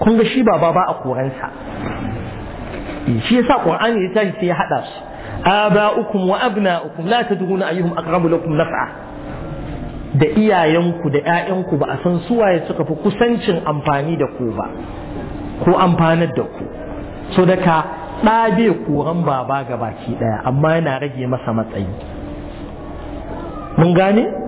kun ga shi ba ba a koransa shi yasa qur'ani ya tashi sai ya hada su aba'ukum wa abna'ukum la tadruna ayyuhum aqrabu lakum naf'a da iyayenku da ƴaƴanku ba a san su waye suka fi kusancin amfani da ku ba ko amfanar da ku so daga ɗa bai koran baba gabaki baki ɗaya amma yana rage masa matsayi mun gane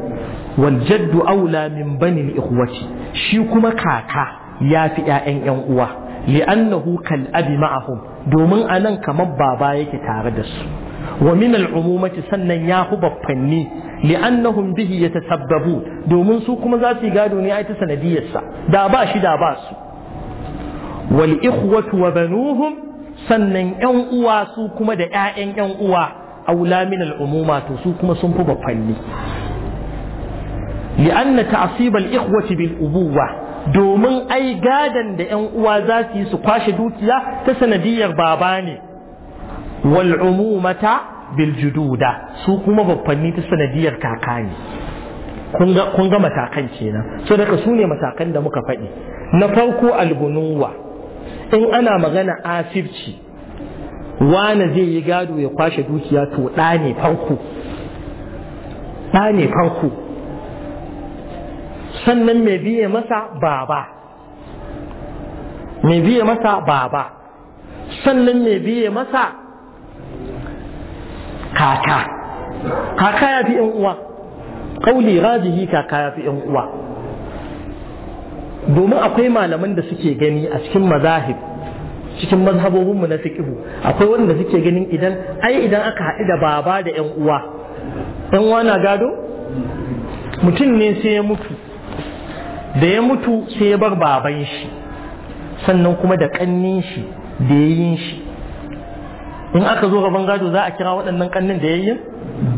waljaddu jaddu aula min bani ikhwati shi kuma kaka ya fi ƴaƴan ƴan uwa li'annahu kal abi ma'ahum domin anan kamar baba yake tare da su wa min al umumati sannan ya hu baffanni li'annahum bihi yatasabbabu domin su kuma za su gado ne ai ta sa da ba shi da ba su wal ikhwatu wa banuhum sannan ƴan uwa su kuma da ƴaƴan ƴan uwa aula min al umuma to su kuma sun fi baffanni li'anna ta'sib al-ikhwati bil ubuwa domin ai gadon da yan uwa za su yi su kwashe dukiya ta sanadiyar baba ne wal umumata bil jududa su kuma babbanni ta sanadiyar kaka ne kun ga matakan kenan so daga su matakan da muka faɗi na farko albunuwa in ana magana asibci wane zai yi gado ya kwashe dukiya to ɗa ɗa ne farko sannan mai biye masa baba mai biye masa baba sannan mai biye masa kaka kaka ya fi yan uwa kauli rajihi kaka ya fi yan uwa domin akwai malaman da suke gani a cikin mazahib cikin mazhabobinmu na fiƙihu akwai wanda suke ganin idan ai idan aka haɗu da baba da yan uwa yan uwa na gado mutum ne sai ya mutu da ya mutu sai ya bar baban shi sannan kuma da kannin shi da yayin shi in aka zo gaban gado za a kira waɗannan kannin da yayin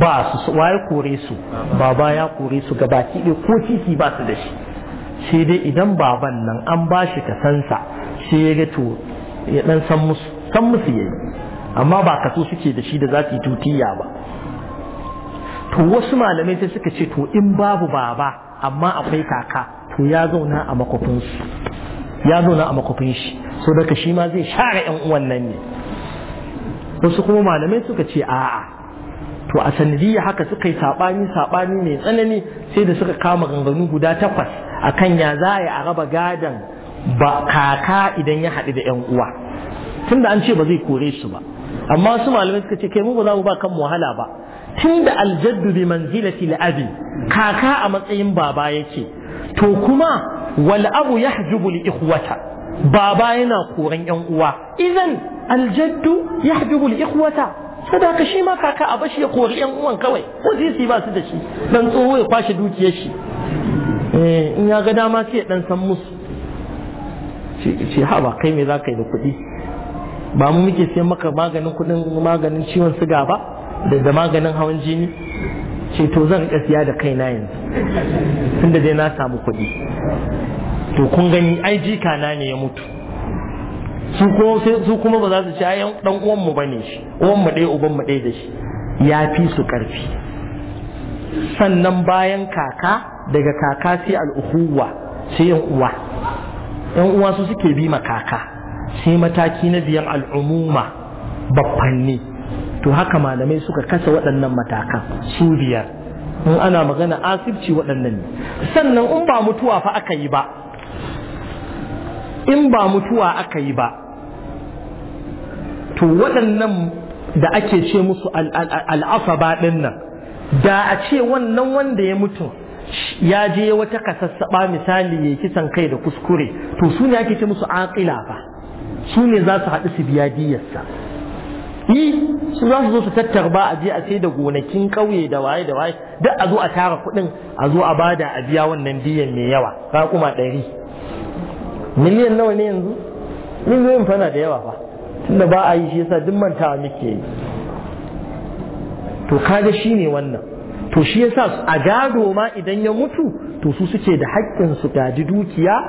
ba su waye kore su baba ya kore su Gaba ɗaya ko titi ba su da shi sai dai idan baban nan an ba shi kasansa sai ya ga to ya dan san musu san musu yayi amma ba kaso suke da shi da za su yi tutiya ba to wasu malamai sai suka ce to in babu baba amma akwai kaka to ya zauna a makofinsu ya zauna a makofin shi so daga shi ma zai share yan uwan nan ne wasu kuma malamai suka ce a'a to a sanadiyya haka suka yi sabani sabani mai tsanani sai da suka kama ganganu guda takwas akan ya za a yi a raba gadon ba kaka idan ya haɗu da yan uwa tunda an ce ba zai kore su ba amma su malamai suka ce kai mu ba za mu ba kan wahala ba tun da aljaddu bi manzilati al'abi kaka a matsayin baba yake to kuma wal abu yahjubu li ikhwata baba yana koran yan uwa idan aljaddu yahjubu li ikhwata sadaka shi ma kaka a bashi ya kori yan uwan kawai ko sisi ba su da shi dan tsoho ya kwashe dukiyar shi eh, in ya ga dama sai ya dan san musu ce ha ba kai me za ka yi da kuɗi ba mu muke sai maka maganin kuɗin maganin ciwon siga ba da maganin hawan jini ce to zan siya da kaina yanzu tunda dai na samu kuɗi to kun gani ai jika na ne ya mutu su kuma ba za su ci ayan dan uwan mu bane shi uwan mu ɗaya uban mu ɗaya da shi ya fi su ƙarfi sannan bayan kaka daga kaka sai al'uhuwa sai yan uwa yan uwa su suke bi ma kaka sai mataki na biyan al'umuma baffanni to haka malamai suka kasa waɗannan matakan su biyar in ana magana asibci waɗannan ne sannan in ba mutuwa fa aka yi ba in ba mutuwa aka yi ba to waɗannan da ake ce musu ba ɗin nan da a ce wannan wanda ya mutu ya je wata kasassaɓa misali ya kisan kai da kuskure to su ne ake ce musu aƙila ba su ne za su haɗu su biya diyarsa yi su za su zo su ba a je a sai da gonakin ƙauye da waye da waye duk a zo a tara kuɗin a zo a bada a biya wannan biyan mai yawa ka kuma ɗari miliyan nawa ne yanzu miliyoyin fana da yawa fa tunda ba a yi shi yasa duk mantawa muke yi to kaga shi ne wannan to shi yasa a gado ma idan ya mutu to su suke da haƙƙin su gaji dukiya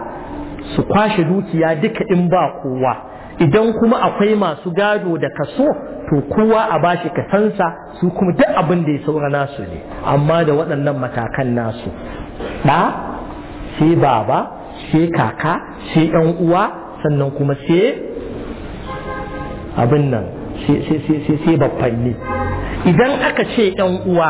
su kwashe dukiya duka in ba kowa idan kuma akwai masu gado da kaso to kowa a bashi kasansa su kuma duk abin da ya saura nasu ne amma da waɗannan matakan nasu ɗa sai baba sai kaka sai yan uwa sannan kuma sai abin nan sai babbanni idan aka ce yan uwa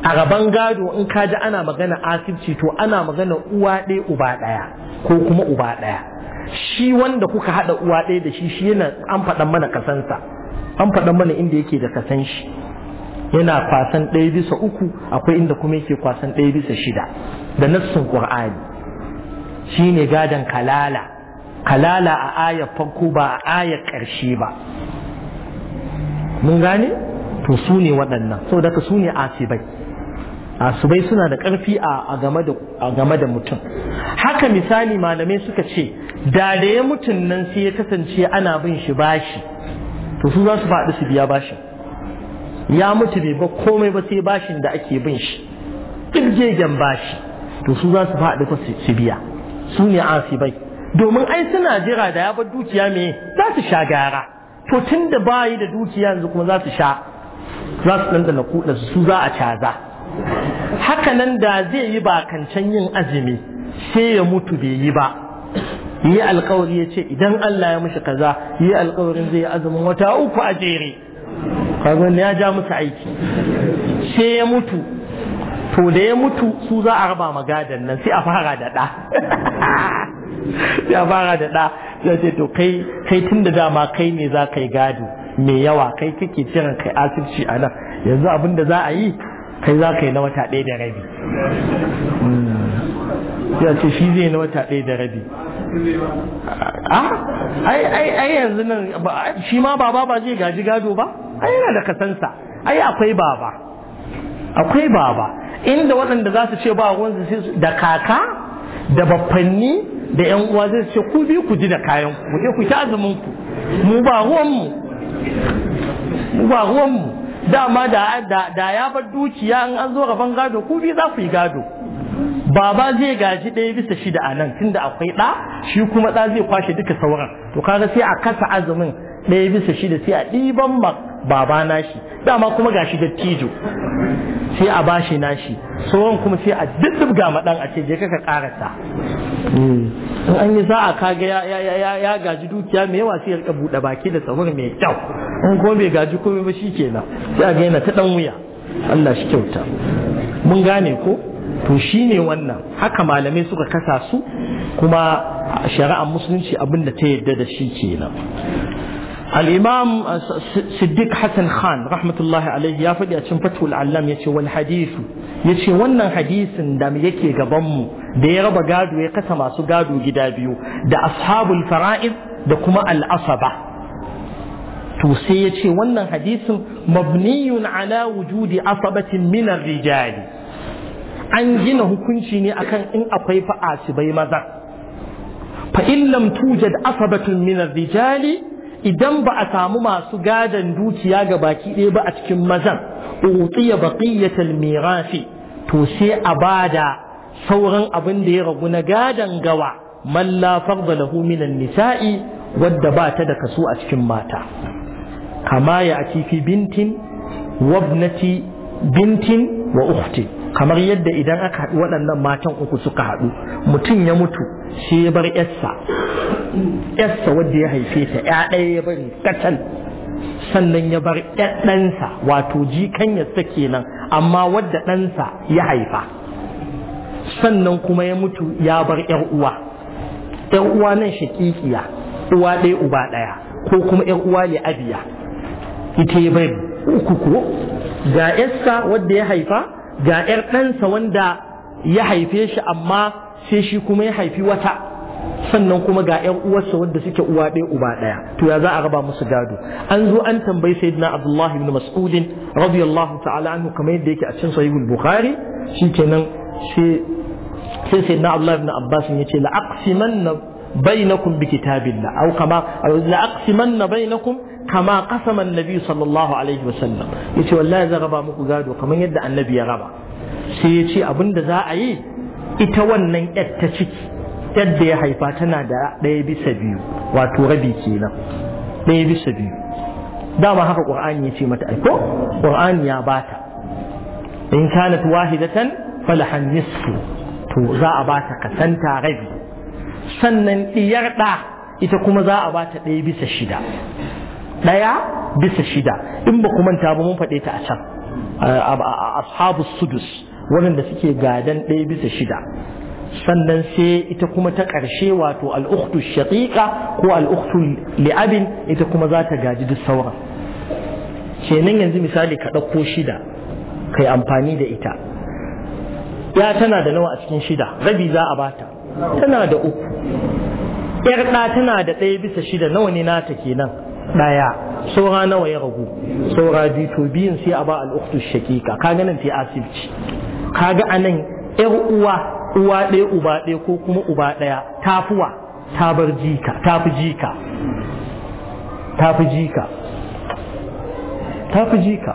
a gaban gado in kaji ana magana asibci to ana magana uwa ɗaya uba ɗaya ko kuma uba ɗaya shi wanda kuka haɗa uwa ɗaya da shi shi yana an faɗan mana kasansa an faɗan mana inda yake da kasan shi yana kwasan ɗaya bisa uku akwai inda kuma yake kwasan ɗaya bisa shida da nassin qurani shi ne gadon kalala kalala a ayar farko ba a ayar ƙarshe ba mun gane to su ne waɗannan saboda su ne asibai bai suna da ƙarfi a game da mutum haka misali malamai suka ce da da ya mutum nan sai ya kasance ana bin shi bashi to su za su faɗi su biya bashin ya mutu bai ba komai ba sai bashin da ake bin shi duk jegen bashi to su za su faɗi ko su biya su ne asibai domin ai suna jira da ya bar dukiya me za su sha gara to tun da bayi da dukiya yanzu kuma za su sha za su ɗanɗana kuɗa su za a caza hakanan da zai yi bakancan yin azumi sai ya mutu bai yi ba yi alkawari ya ce idan Allah ya mishi kaza yi alkawarin zai yi azumin wata uku a jere kaga ya ja musu aiki sai ya mutu to da ya mutu su za a raba magadan nan sai a fara da ɗa sai fara da ɗa ya ce to kai kai tun da dama kai ne za ka yi gado mai yawa kai kake kiran kai asirci a nan yanzu abin da za a yi kai za ka yi na wata ɗaya da rabi hmm. ya ce shi zai na wata ɗaya da rabi ai yanzu nan shi ma baba ba zai gaji gado ba ai yana da kasansa ai akwai baba akwai baba inda waɗanda za su ce ba wanzu da kaka da bafanni, da yan uwa zai ce ku bi ku ji da kayan ku ku ta azumin ku mu ba ruwanmu mu ba ruwanmu dama da ya bar dukiya in an zo gaban gado ku bi za ku yi gado baba zai gaji ɗaya bisa shida a nan tunda akwai ɗa shi kuma ɗa zai kwashe duka sauran to kaga sai a kasa azumin ɗaya bisa shida sai a ɗiban ma baba nashi dama kuma gashi dattijo sai a bashi nashi sauran kuma sai a diddubga ma ɗan a ce je kaka karata. in an yi za a kaga ya gaji dukiya mai yawa sai ya rika buɗe baki da sauran mai kyau in kuma bai gaji komai ba shi kenan sai a ga yana ta ɗan wuya Allah shi kyauta mun gane ko to shine wannan haka malamai suka kasa su kuma shari'ar musulunci abin da ta yadda da shi kenan الإمام صديق حسن خان رحمة الله عليه يا فدي أتشن فتو العلام يتشي والحديث يتشي وانا حديث دام يكي قبمو دي ربا قادو يقسم أسو قادو جدابيو دا أصحاب الفرائض دا كما الأصبع توسي يتشي وانا حديث مبني على وجود أصبة من الرجال an gina hukunci ne akan in akwai fa'asibai maza fa in lam tujad asabatun min rijali idan ba a samu masu gadan dukiya ga baki ɗaya ba a cikin mazan utiya baqiyatal mirasi to sai a bada sauran abin da ya ragu na gadan gawa man la farda lahu minan nisa'i wadda ba ta da kaso a cikin mata kama ya kifi bintin wabnati bintin wa ukhti kamar yadda idan aka haɗu waɗannan matan uku suka haɗu mutum ya mutu sai ya bar yarsa yarsa wadda ya haife ta ya ɗaya ya bari kacal sannan ya bar ɗansa wato jikan ke kenan amma wadda ɗansa ya haifa sannan kuma ya mutu ya bar yar uwa yar nan shakikiya uwa ɗaya uba ɗaya ko kuma yar uwa ne abiya ita ya bari uku ko ga yarsa wadda ya haifa ga ‘yar ɗansa wanda ya haife shi amma sai shi kuma ya haifi wata sannan kuma ga ‘yan uwarsa wanda suke uwa ɗaya uba ɗaya to ya za a raba musu gado an zo an tambayi sayyidina abdullahi ibn mas'udin radiyallahu ta'ala anhu kamar yadda yake a cikin sahihul bukhari shikenan sai sai sayyidina abdullahi ibn abbas ya ce la'aqsimanna bainakum bi kitabillah aw kama la'aqsimanna bainakum kama qasaman nabi sallallahu alaihi wasallam yace wallahi zan raba muku gado kamar yadda annabi ya raba sai ya ce abinda za a yi ita wannan yar ta ciki yar da ya haifa tana da ɗaya bisa biyu wato rabi kenan ɗaya bisa biyu dama haka qur'ani ya ce mata aiko qur'ani ya bata in kanat tan falahan nisfu to za a bata kasanta rabi sannan diyar ɗa ita kuma za a bata ɗaya bisa shida ɗaya bisa shida in ba kuma ta ba mun faɗe ta a can ashabu sudus da suke gadan ɗaya bisa shida sannan sai ita kuma ta ƙarshe wato al'ukhtu shaqiqa ko al'ukhtu li'abin ita kuma za ta gaji duk sauran kenan yanzu misali ka ɗauko shida kai amfani da ita ya tana da nawa a cikin shida rabi za a bata tana da uku yar ɗa tana da ɗaya bisa shida nawa ne nata kenan daya saura nawa ya ragu saura biyu to biyun sai a ba al'uktu shakika kaga nan fi asibci kaga anan yar uwa uwa ɗaya uba ɗaya ko kuma uba ɗaya tafuwa ta bar jika tafi jika jika jika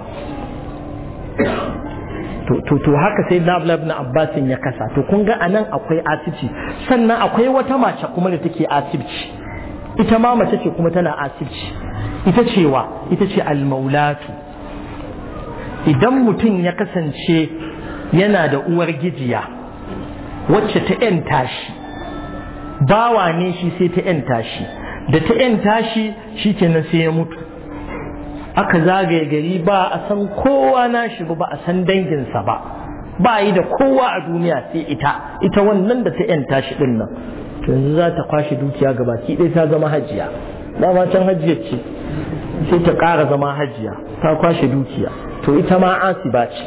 to to haka sai Nabla ibn Abbas ya kasa to kun ga anan akwai asibci sannan akwai wata mace kuma da take asibci ita ma mace ce kuma tana asirci ita cewa ita ce almaulatu idan mutum ya kasance yana da uwar gijiya wacce ta 'yan tashi bawa ne shi sai ta 'yan tashi da ta 'yan tashi shi ke na sai ya mutu aka zagaye gari ba a san kowa na shi ba a san danginsa ba ba yi da kowa a duniya sai ita ita wannan da ta 'yan tashi dinnan. to yanzu za ta kwashe dukiya gaba ki dai ta zama hajiya dama can hajiya ce sai ta ƙara zama hajiya ta kwashe dukiya to ita ma asiba ce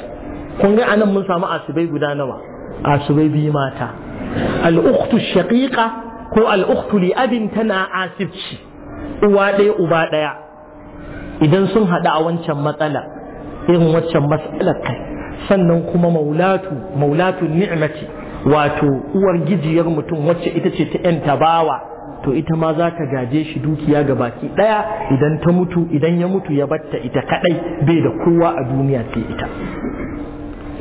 kun ga anan mun samu asibai guda nawa asibai biyu mata al'ukhtu shaqiqa ko al'ukhtu li abin tana asibci uwa ɗaya uba ɗaya idan sun haɗu a wancan matsala irin wancan matsalar kai sannan kuma maulatu maulatu ni'mati wato uwar gijiyar mutum wacce ita ce ta yan tabawa to ita ma za ka gaje shi dukiya ga baki ɗaya idan ta mutu idan ya mutu ya batta ita kaɗai bai da kowa a duniya sai ita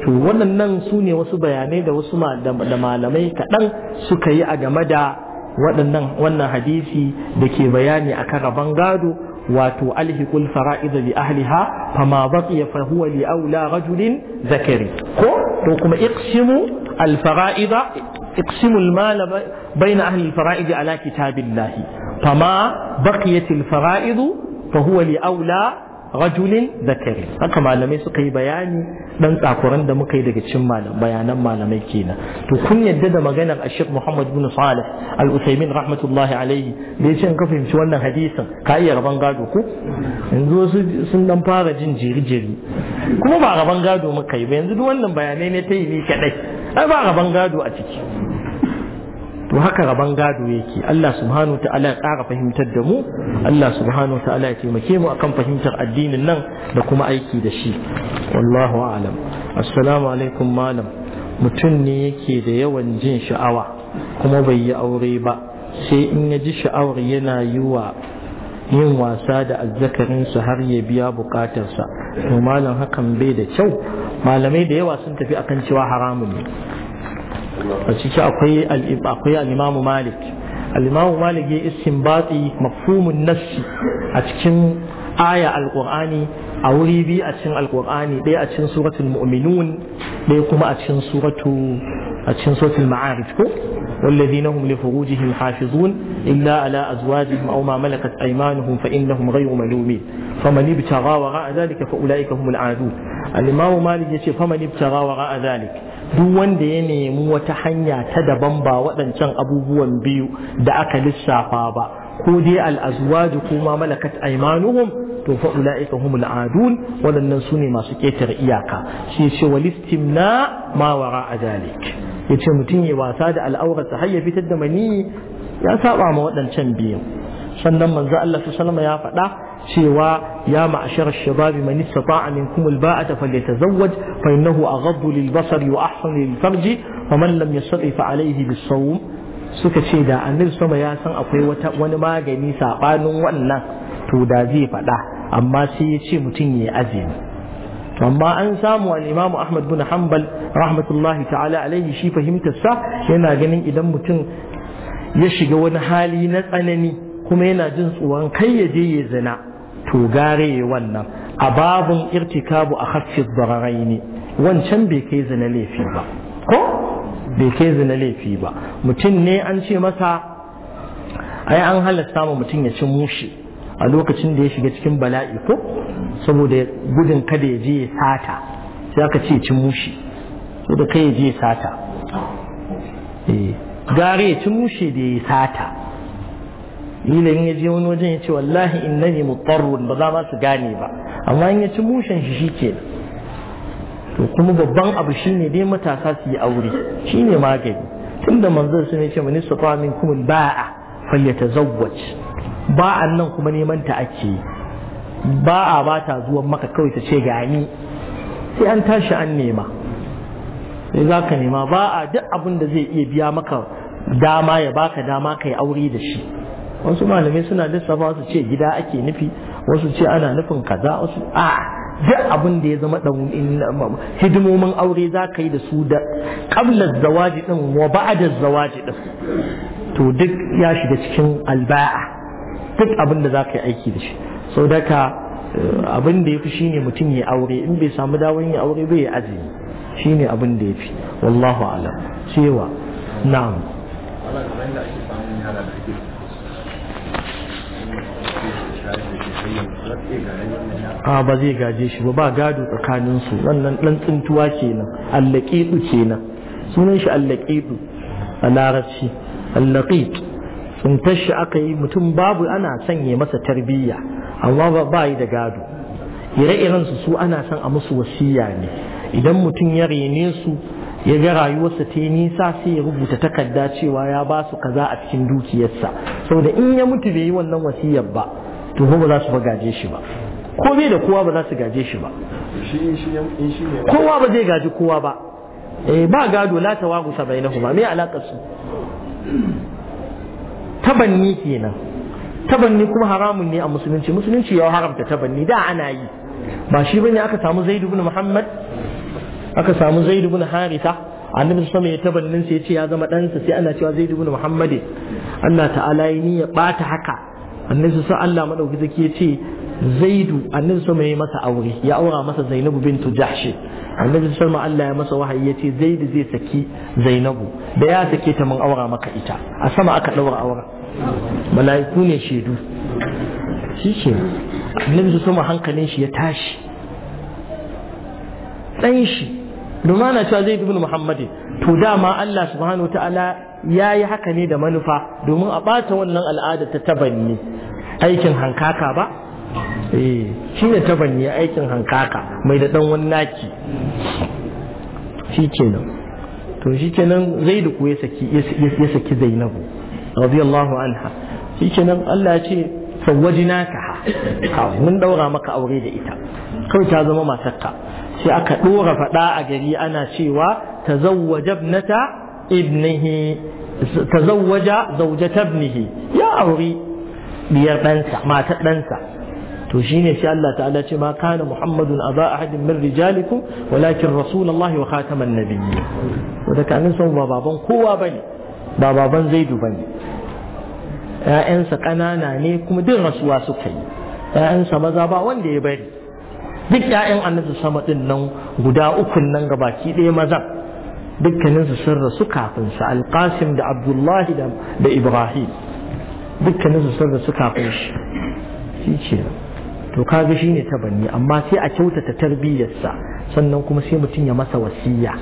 to waɗannan su ne wasu bayanai da wasu da malamai kaɗan suka yi a game da waɗannan wannan hadisi da ke bayani a kan gado wato alhiqul fara'id li ahliha fama baqiya fa huwa li aula rajulin zakari ko to kuma iqsimu al fara'id iqsimu al mal bayna ahli al fara'id ala kitabillah fama baqiyat al fara'id fa huwa li aula rajulin zakari haka malamai suka yi bayani dan tsakuran da muka yi daga cikin bayanan malamai kenan to kun yadda da maganar ashir muhammad bin salih al usaymin rahmatullahi alaihi bai ce in ka fahimci wannan hadisin ka iya raban gado ko yanzu wasu sun dan fara jin jiri-jiri kuma ba raban gado muka yi ba yanzu duk wannan bayanai ne ta yi ni kadai ai ba raban gado a ciki to haka rabon gado yake Allah subhanahu wa ta'ala ya ƙara fahimtar da mu Allah subhanahu wa ta'ala ya taimake mu akan fahimtar addinin nan da kuma aiki da shi wallahu a'lam assalamu alaikum malam mutum ne yake da yawan jin sha'awa kuma bai yi aure ba sai in ya ji sha'awar yana yi wa yin wasa da azzakarinsa har ya biya bukatarsa to malam hakan bai da kyau malamai da yawa sun tafi akan cewa haramun ne a ciki akwai akwai al-Imam Malik al-Imam Malik ya istinbati mafhumun nassi a cikin aya al-Qur'ani a wuri biyu a cikin alkur'ani ɗaya a cikin suratul mu'minun ɗaya kuma a cikin suratu a cikin suratul ma'arif ko والذين هم لفروجهم حافظون إلا على أزواجهم أو ما ملكت أيمانهم فإنهم غير ملومين فمن ابتغى وراء ذلك فأولئك هم العادون الإمام مالك يقول فمن ابتغى وراء ذلك duk wanda ya nemi wata hanya ta daban ba waɗancan abubuwan biyu da aka lissafa ba ko dai al'azwaju ko ma malakat aimanuhum to fa ulaika humul adun waɗannan sune masu ƙetare iyaka shi yace walistimna mawara a adalik yace mutum ya wasa da al'aurarsa har ya fitar da mani ya saba ma waɗancan biyu sannan manzo Allah sallallahu ya faɗa cewa ya ma'ashar shabab man istata'a minkum alba'ata falyatazawwaj fa innahu aghaddu lilbasari wa ahsanu lilfarji wa man lam yastati fa alayhi bisawm suka ce da annabi sama ya san akwai wata wani magani sabanin wannan to da zai faɗa amma sai ya ce mutum ya azumi amma an samu al-imamu ahmad bin hanbal rahmatullahi ta'ala alaihi shi fahimtarsa yana ganin idan mutum ya shiga wani hali na tsanani kuma yana jin tsoron kai ya je ya zina to gare wannan a babun irtikabu a hafiz bararaini wancan bai kai zina laifi ba ko bai kai zina laifi ba mutum ne an ce masa ai an halasta mu mutum ya ci mushi a lokacin da ya shiga cikin bala'i ko saboda gudun kada ya je ya sata sai aka ce cin mushi saboda kai ya je ya sata eh, gare ya cin mushi da ya sata ila in ya je wani wajen ya ce wallahi innani mutarrun ba za ma su gane ba amma in ya ci mushen shi shike to kuma babban abu shine dai matasa su yi aure shine magani tunda manzon ya ce man min kuma ba'a yatazawwaj ba an nan kuma neman ta ake ba a ba ta zuwan maka kawai ta ce ga ni sai an tashi an nema sai za ka nema ba a duk abin da zai iya biya maka dama ya baka dama ka yi aure da shi wasu malamai suna lissafa su ce gida ake nufi wasu ce ana nufin kaza wasu a'a duk abin da ya zama hidimomin aure za ka yi da su da ƙablar zawaji ɗin wa ba'adar zawaji ɗin to duk ya shiga cikin alba'a duk abin da za ka yi aiki da shi sau daga eh, abin da ya fi shine mutum ya aure in bai samu dawon ya aure bai ya ajiye shine abin da ya fi wallahu alam cewa na'am a ba zai gaje shi ba ba gado tsakaninsu wannan ɗan tsintuwa kenan allaƙiɗu kenan sunan shi allaƙiɗu a larabci allaƙiɗu sun tashi aka yi mutum babu ana sanya masa tarbiyya amma ba ba yi da gado ire-iren su su ana son a musu wasiya ne idan mutum ya rene su ya ga rayuwarsa ta nisa sai ya rubuta takarda cewa ya ba su kaza a cikin dukiyarsa saboda in ya mutu bai yi wannan wasiyar ba to ba za su ba gaje shi ba ko bai da kowa ba za su gaje shi ba kowa ba zai gaji kowa ba eh, ba gado la tawagusa bainahuma me alakar su tabanni kenan tabanni kuma haramun ne a musulunci musulunci ya haramta tabanni da ana yi ba shi bane aka samu zaid ibn muhammad aka samu zaid ibn harisa annabi sama ya tabannin sai ya ce ya zama ɗansa sai ana cewa zaid ibn muhammad Allah ta'ala ya ni ya bata haka annabi sa Allah madaukaki ya ce zaidu annabi sama ya masa aure ya aura masa zainabu bintu jahshi annabi sama Allah ya masa wahayi ya ce zaidu zai saki zainabu da ya sake ta mun aura maka ita a sama aka daura aura mala'iku ne shaidu shi ke annabi sama hankalin shi ya tashi ɗan shi domin ana cewa zaidu bin muhammadin to dama Allah subhanahu ta'ala ya yi haka ne da manufa domin a ɓata wannan al'adar ta tabanni aikin hankaka ba shi eh, ne shine ya aikin hankaka mai da dan wani naki shikenan to shikenan zaidu ku ya saki ya saki zainabu radiyallahu anha shikenan Allah ce, ya ce zawwajinaka kawai mun daura maka aure da ita kawai ta zama matarka sai aka dora faɗa a gari ana cewa ta tazawwaja ibnata ibnihi ta tazawwaja zaujata ibnihi ya aure biyar ɗansa matar ɗansa to shine sai Allah ta'ala ce ma kana muhammadun a ahadin min rijalikum walakin rasulullahi wa khataman nabiyyi wanda kanin san ba baban kowa bane ba baban zaidu bane ƴaƴansa ƙanana ne kuma din rasuwa suka yi ƴaƴansa maza ba wanda ya bari duk ƴaƴan annabi sama din nan guda uku nan gabaki ɗaya maza dukkaninsu sun rasu kafin sa alqasim da abdullahi da ibrahim dukkaninsu sun rasu kafin shi shi ce to kaga shine tabani amma sai a kyautata tarbiyyarsa sannan kuma sai mutum ya masa wasiya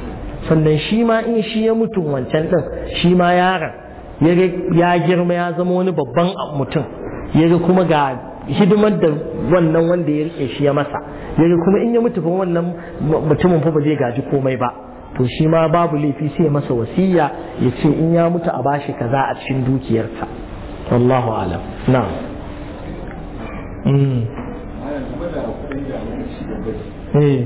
sannan shi ma in shi ya mutum wancan din shi ma yaron ya girma ya zama wani babban mutum ya kuma ga hidimar da wannan wanda ya rike shi ya masa ya kuma in ya mutu fa wannan mutumin fa ba zai gaji komai ba to shi ma babu laifi sai ya masa wasiya ya ce in ya mutu a bashi kaza a cikin dukiyarsa wallahu alam na'am hmm.
Eh.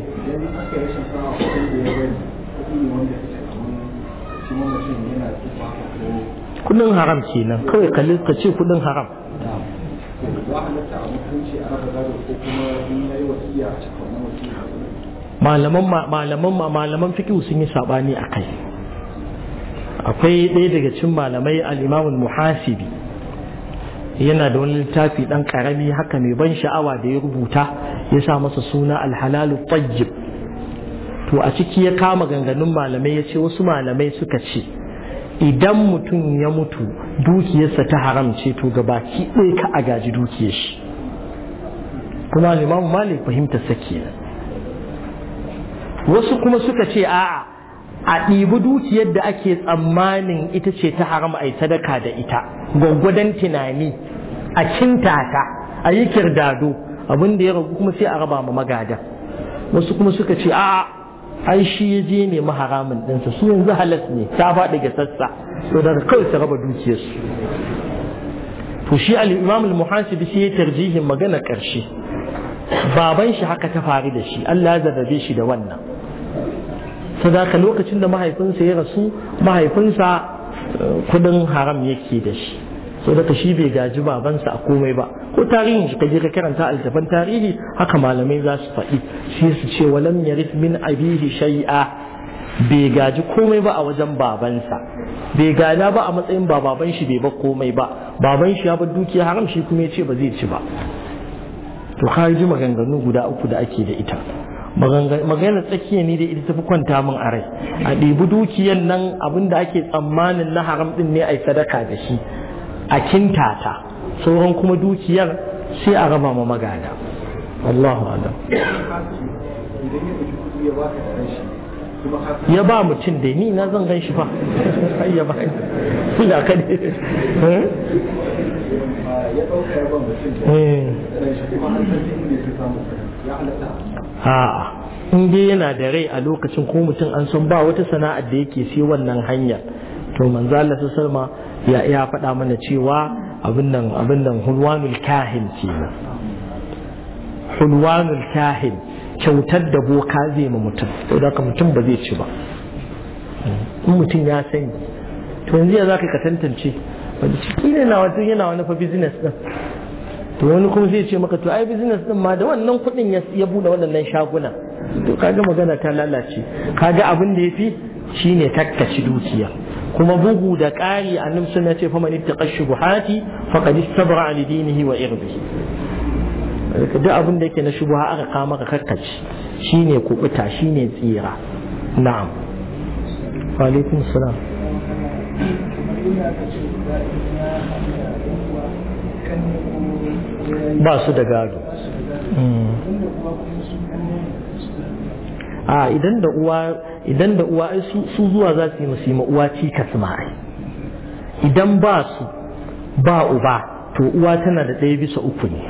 kudin haram kenan kawai kalli ka ce kudin haram malaman malaman malaman fiqh sun yi saɓani a kai, akwai ɗaya daga cikin malamai al muhasibi yana da wani littafi dan karami haka mai ban sha'awa da ya rubuta ya sa masa suna alhalalu tayyib to a ciki ya kama ganganun malamai ya ce wasu malamai suka ce idan mutum ya mutu dukiyarsa ta haram ce to gabaki ɗaya ka a gaji dukiyar shi kuma limamu malik fahimta wasu kuma suka ce a'a a ɗibi dukiyar da ake tsammanin ita ce ta haram a sadaka da ita gwaggwadon tunani a cinta ta a yi kirdado abin da ya ragu kuma sai a raba ma magada wasu kuma suka ce a ai shi ya je ne maharamin ɗinsa su yanzu halas ne ta faɗi ga sassa to daga kawai su raba dukiyarsu to shi al-imam al-muhasibi sai ya tarjihin magana ƙarshe baban shi haka ta faru da shi Allah ya zarrabe shi da wannan sadaka lokacin da mahaifinsa ya rasu mahaifinsa eh, kudin haram yake da shi so daga shi bai gaji babansa a komai ba ko tarihin shi kaje ka karanta aljaban tarihi haka malamai za su faɗi shi su ce walam yarif min abihi shay'a bai gaji komai ba a wajen babansa bai gada ba a matsayin ba baban shi bai ba komai ba baban shi ya bar dukiya haram shi kuma ya ce ba zai ci ba to kai ji maganganu guda uku da ake da ita magana tsakiya ne da ita tafi kwanta min a rai a ɗibi dukiyan nan abinda ake tsammanin na haram ɗin ne a yi sadaka da shi a kintata sauran kuma dukiyar sai a raba ma magana Allahu Adam ya ba mutum da ni na zan gan shi ya ba su da ya
ɗauka ya ba mutum da eh. eh. ya halatta
a'a in dai yana da rai a lokacin ko mutum an san ba wata sana'ar da yake sai wannan hanya to manzo Allah sallama ya ya faɗa mana cewa abin nan abin nan hulwanul kahin kenan hulwanul kahin kyautar da boka zai ma mutum saboda haka mutum ba zai ci ba in mutum ya sani to yanzu ya zaka ka tantance wanda ciki ne na wato yana wani fa business din to wani kuma zai ce maka to ai business din ma da wannan kuɗin ya buɗe waɗannan shaguna to kaga magana ta lalace kaga abin da yafi shine takkaci dukiya kuma bugu da ƙari a annabi sunna ce fa man ittaqa shubuhati faqad istabra li dinihi wa irbi. duk abin da yake na shubuha aka kawo maka kakkaci shine kubuta shine tsira na'am wa alaikum salam kan ba su da gado hmm. a idan da uwa idan da uwa su zuwa za su yi musu uwa uwa cikas ma ai idan ba su ba uba to uwa tana da ɗaya bisa uku ne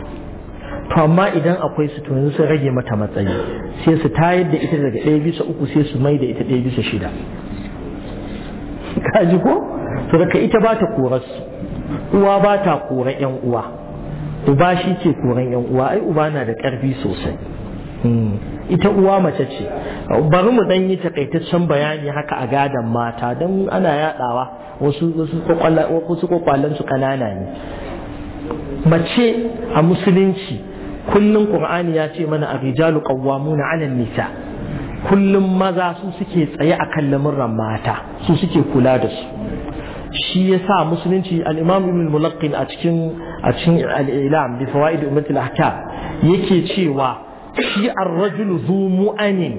to amma idan akwai su to yanzu sun rage mata matsayi sai su tayar da ita daga ɗaya bisa uku sai su mai da ita ɗaya bisa shida kaji ko to daga ita ba ta korar su uwa ba ta korar yan uwa uba shi ke koran yan uwa ai uba na da ƙarfi sosai hmm. ita uwa mace ce bari mu dan yi takaitaccen bayani haka a gadan mata don ana yadawa wasu wasu kwakwalen su kanana ne mace a musulunci kullum qur'ani ya ce mana a rijalu qawwamuna 'ala nisa kullum maza su suke tsaye akan lamuran mata su suke kula da su shi yasa musulunci al-imam ibn al-mulaqqin a cikin a cikin al'ilam bi fawaid ummatul ahkam yake cewa shi ar-rajulu zu mu'anin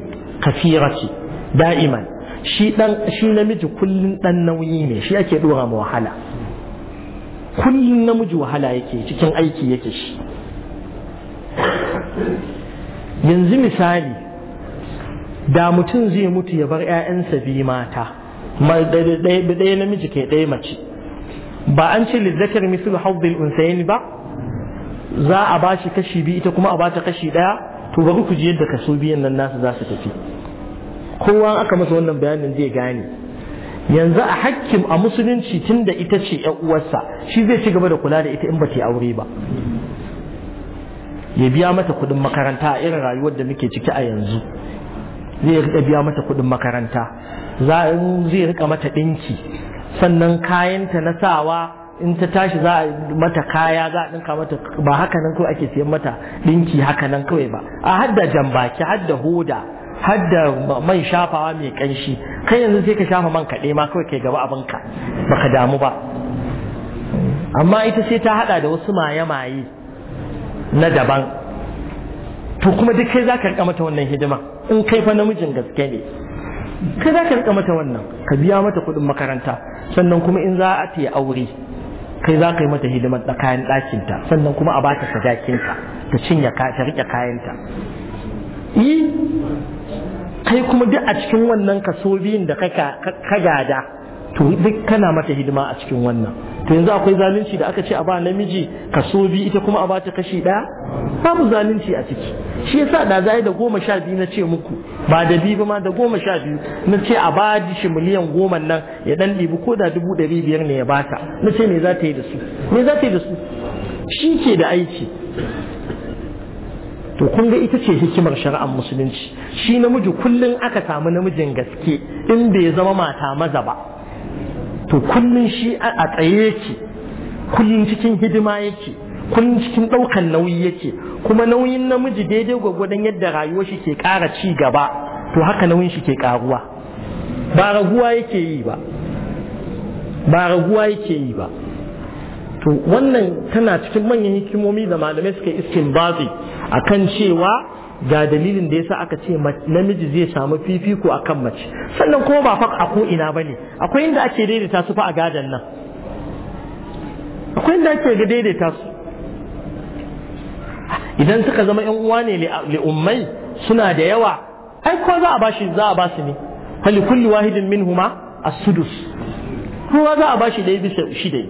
kafirati da'iman shi dan shi namiji kullun dan nauyi ne shi ake dora wahala kullun namiji wahala yake cikin aiki yake shi yanzu misali da mutum zai mutu ya bar 'ya'yansa biyu mata ɗaya namiji kai ɗaya mace ba an ce lizzakar mislu hawdil unsayin ba za a bashi kashi biyu ita kuma a ba ta kashi daya to bari ku ji yadda kaso biyan nan nasu za su tafi kowa aka masa wannan bayanin zai gane yanzu a hakkin a musulunci tun da ita ce yan uwarsa shi zai ci gaba da kula da ita in ba ta aure ba ya biya mata kudin makaranta a irin rayuwar da muke ciki a yanzu zai rika biya mata kuɗin makaranta za a zai rika mata ɗinki. sannan kayanta na sawa in ta tashi za a mata kaya za a ɗinka mata ba haka nan kawai ake siyan mata ɗinki haka nan kawai ba a hadda jambaki hadda hoda hadda man shafawa mai ƙanshi kai yanzu sai ka shafa man kaɗe ma kawai kai gaba abinka ka damu ba amma ita sai ta haɗa da wasu maye-maye na daban to kuma duk kai za ka riƙa mata wannan hidima in kai fa namijin gaske ne Kai za ka rika mata wannan ka biya mata kuɗin makaranta sannan kuma in za a ta aure kai za ka yi mata hidimar da kayan ɗakinta sannan kuma a ba ta sadakinta ta cinye ta riƙe kayanta yi kai kuma duk a cikin wannan kaso biyun da ka gada to duk kana mata hidima a cikin wannan to yanzu akwai zalunci da aka ce a ba namiji kaso biyu ita kuma a ba ta kashi ɗaya babu zalunci a ciki shi yasa da za da goma sha biyu na ce muku ba da biyu ba ma da goma sha biyu na ce a ba shi miliyan goma nan ya dan ɗibi ko da dubu ɗari biyar ne ya bata na ce me za ta yi da su me za ta yi da su shi ke da aiki to kun ga ita ce hikimar shari'ar musulunci shi namiji kullum aka samu namijin gaske in bai zama mata maza ba to kullum shi a tsaye yake kullum cikin hidima yake kullum cikin ɗaukan nauyi yake kuma nauyin namiji daidai gwagwadon yadda rayuwar shi ke ƙara ci gaba to haka nauyin shi ke ƙaruwa ba raguwa yake yi ba ba raguwa yake yi ba to wannan tana cikin manyan hikimomi da malamai suka yi a akan cewa ga dalilin da yasa aka ce namiji zai samu fifiko akan mace sannan kuma ba fa a ko ina bane akwai inda ake daidaita su fa a gadan nan akwai inda ake ga daidaita su idan suka zama yan uwa ne li ummai suna da yawa ai ko za a bashi za a basu ne fa li kulli wahidin minhuma as-sudus kowa za a bashi dai bisa shida dai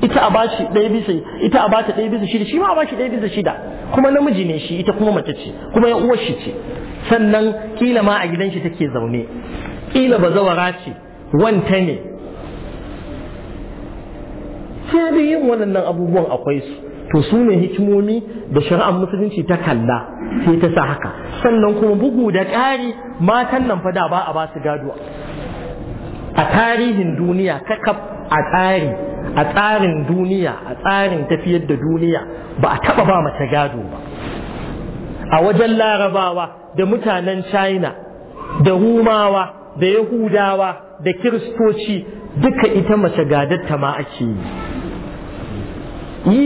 ita a bashi ɗaya bisa ita a bata ɗaya bisa shida shi ma a bashi ɗaya bisa shida kuma namiji ne shi ita kuma mace ce kuma yan uwar shi ce sannan kila ma a gidan shi take zaune kila ba zawara ce wanta ne sai yin waɗannan abubuwan akwai su to su ne hikimomi da shari'ar musulunci ta kalla sai ta sa haka sannan kuma bugu da ƙari matan nan fa da ba a ba su gado a tarihin duniya kakaf a tsari a tsarin duniya a tsarin tafiyar da duniya ba a taba ba mace gado ba a wajen larabawa da mutanen china da rumawa da yahudawa da kiristoci duka ita mace gadatta ma ake yi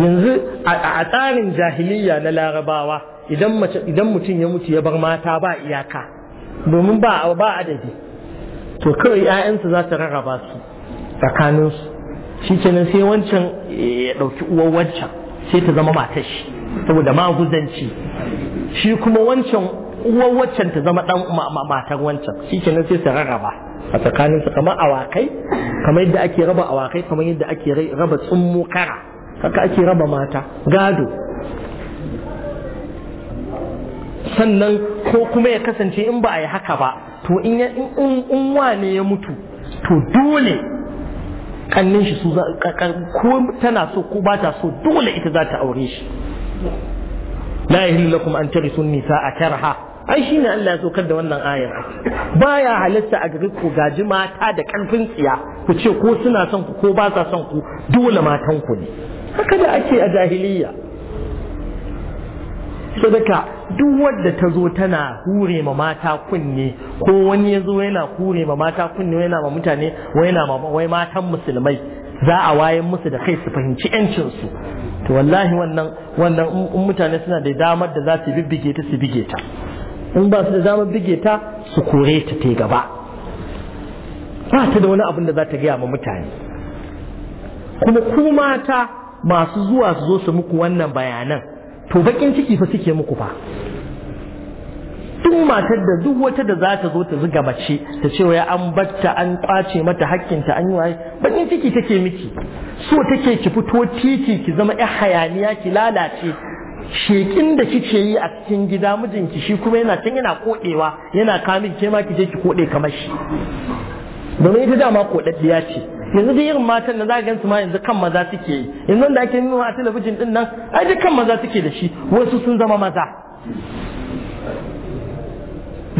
yanzu a tsarin jahiliya na larabawa idan mutum ya mutu ya bar mata ba iyaka domin ba adadi to kawai 'ya'yansa za ta rarraba su tsakaninsu shi nan sai wancan ya ɗauki uwar wancan sai ta zama matar shi saboda maguzanci shi kuma wancan uwar wancan ta zama ɗan matar wancan shi nan sai su rarraba a tsakaninsu kamar awakai kamar yadda ake raba awakai kamar yadda ake raba tsummo kara haka ake raba mata gado sannan ko kuma ya kasance in ba a yi haka ba to in wane ya mutu to dole kannin shi su ko tana so ko ba ta so dole ita za ta aure shi la yahillu lakum an tarithu nisaa karha ai shine Allah ya saukar da wannan ayar baya halitta a gari ku gaji mata da karfin tsiya ku ce ko suna son ku ko ba sa son ku dole matan ku ne haka da ake a jahiliyya sadaka duk wanda ta zo tana hure ma mata kunne ko wani yazo yana hure ma mata kunne yana ma mutane wai yana ma wai matan musulmai za a wayan musu da kai su fahimci yancin su to wallahi wannan wannan in mutane suna da damar da za su bibbige ta su bige ta in ba su da damar bige ta su kore ta ta gaba ba ta da wani abin da za ta gaya ma mutane kuma ku mata masu zuwa su zo su muku wannan bayanan to bakin ciki fa suke muku fa duk matar da duk wata da za ta zo ta zuga mace ta ce an batta an kwace mata hakkinta an yi waye bakin ciki take miki so take ki fito titi ki zama 'ya hayaniya ki lalace shekin da kike yi a cikin gida mijinki shi kuma yana can yana kodewa yana kamin ke ma ki je ki koɗe kamar shi domin ita dama kodaddiya ce yanzu da irin matan da za gansu ma yanzu kan maza suke yi yanzu da ake nuna a talabijin din nan ai duk kan maza suke da shi wasu sun zama maza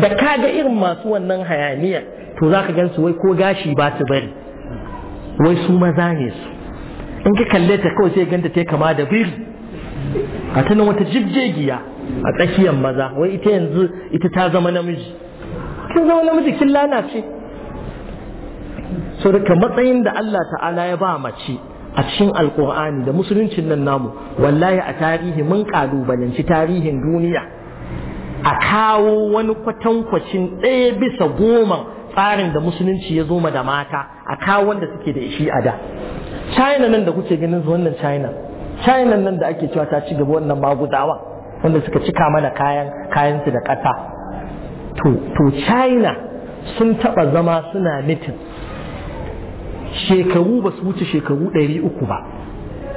da ka ga irin masu wannan hayaniya to za ka gansu wai ko gashi ba su bari wai su maza ne su in ka kalle ta kawai sai ganta ta kama da biri a ta wata jibjegiya a tsakiyar maza wai ita yanzu ita ta zama namiji kin zama namiji kin lalace so matsayin da Allah ta'ala ya ba mace a cikin alkur'ani da musuluncin nan namu wallahi a tarihi mun kalubalanci tarihin duniya a kawo wani kwatankwacin ɗaya bisa goma tsarin da musulunci ya zoma da mata a kawo wanda suke da shi a da china nan da kuke ganin wannan china china nan da ake cewa ta ci gaba wannan maguzawa, wanda suka cika mana kayan kayansu da ƙasa to china sun taɓa zama suna mitin shekaru ba su wuce shekaru ɗari uku ba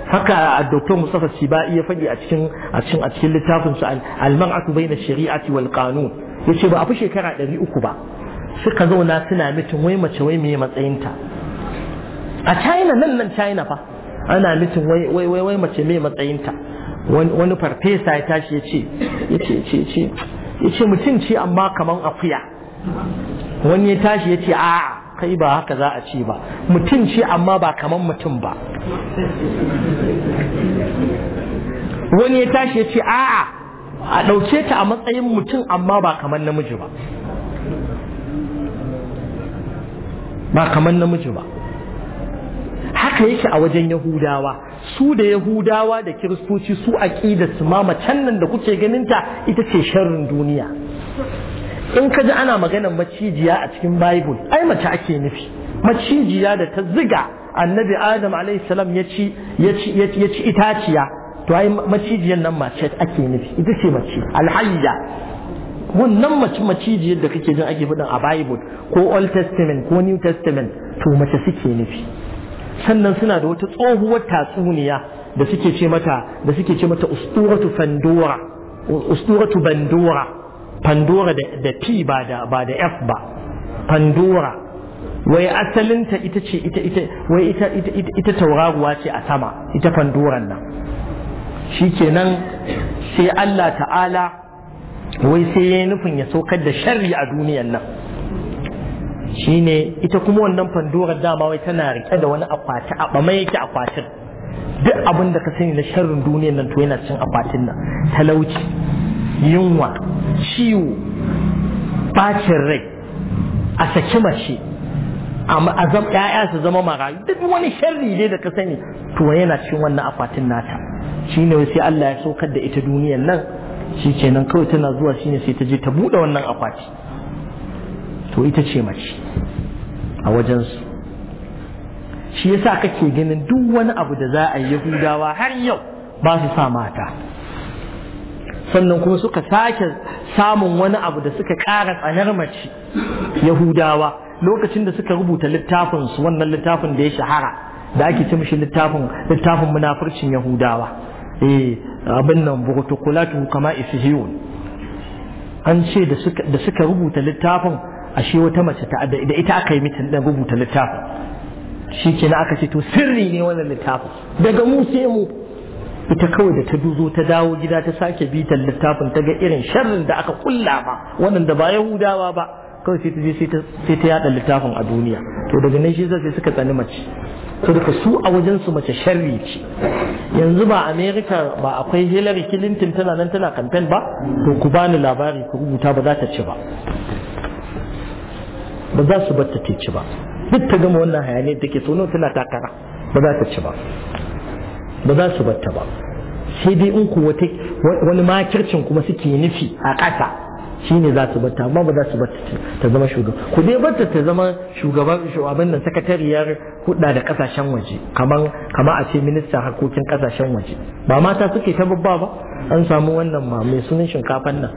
haka Dr. Mustafa Sibai ya faɗi a cikin a cikin a cikin littafin sa alman maratu bayna shari'ati wal qanun yace ba a fi shekara ɗari uku ba suka zauna suna mitin wai mace wai me matsayinta a China nan nan China fa ana mitin wai wai wai mace me matsayinta wani farfesa ya tashi ya ce ya ce mutum ce amma kaman akuya wani ya tashi ya ce a'a kai ba haka za a ce ba mutum ce amma ba kaman mutum ba wani ya tashi ya ce a'a a ɗauke ta a matsayin mutum amma ba kaman namiji ba ba kaman namiji ba
haka yake a
wajen yahudawa su da yahudawa da kiristoci su aƙidar da ma macen nan da kuke ganinta ita ce sharrin duniya in ka ji ana maganar macijiya a cikin bible ai mace ake nufi macijiya da ta ziga annabi adam alaihissalam ya ci ya ci itaciya to ai macijiyan nan mace ake nufi ita ce mace alhayya wannan mace macijiyar da kake jin ake faɗin a bible ko old testament ko new testament to mace suke nufi sannan suna da wata tsohuwar tatsuniya da suke ce mata da suke ce mata usturatu fandura usturatu bandura pandora da p ba da ba da f ba pandora wai asalinta ita ce ita ita wai ita ita tauraruwa ce a sama ita pandoran nan shikenan sai Allah ta'ala wai sai ya nufin ya saukar da sharri a duniyan nan shine ita kuma wannan pandorar dama wai tana rike da wani akwati a bamai yake akwatin duk abin da ka sani na sharrin duniyan nan to yana cin akwatin nan talauci yunwa ciwo bacin rai a saki mace a zama ƴaƴa su zama marayu duk wani sharri dai da ka sani to yana cikin wannan akwatin nata shine sai Allah ya saukar da ita duniyar nan shi nan kawai tana zuwa shine sai ta je ta buɗe wannan akwati to ita ce mace a wajensu shi yasa kake ganin duk wani abu da za a yi yahudawa har yau ba su sa mata sannan kuma suka sake samun wani abu da suka ƙara tsanar mace yahudawa lokacin da suka rubuta littafin su wannan littafin da ya shahara da ake ce mishi littafin littafin munafurcin yahudawa eh abin nan burtukulatu kama isihiyun an ce da suka da suka rubuta littafin ashe wata mace ta da ita aka yi mitin da rubuta littafin shi kenan aka ce to sirri ne wannan littafin daga mu sai mu ita kawai da ta duzo ta dawo gida ta sake bitan littafin ta ga irin sharrin da aka kulla ba wannan da ba yahudawa ba kawai sai ta je sai ta yada littafin a duniya to daga nan shi sai suka tsani mace to daga su a wajen su mace sharri ce yanzu ba America ba akwai Hillary Clinton tana nan tana campaign ba to ku bani labari ku rubuta ba za ta ci ba ba za su bar ta ci ba duk ta gama wannan hayaniyar take so tana takara ba za ta ci ba ba za su batta ba sai dai in ku wani makircin kuma suke nufi a ƙasa shi ne za su batta amma ba za su batta ta zama shugaba ku dai batta ta zama shugaban shugaban nan sakatariyar hudda da kasashen waje kamar kamar a ce ministan harkokin kasashen waje ba mata suke ta babba ba an samu wannan ma mai sunan shinkafan nan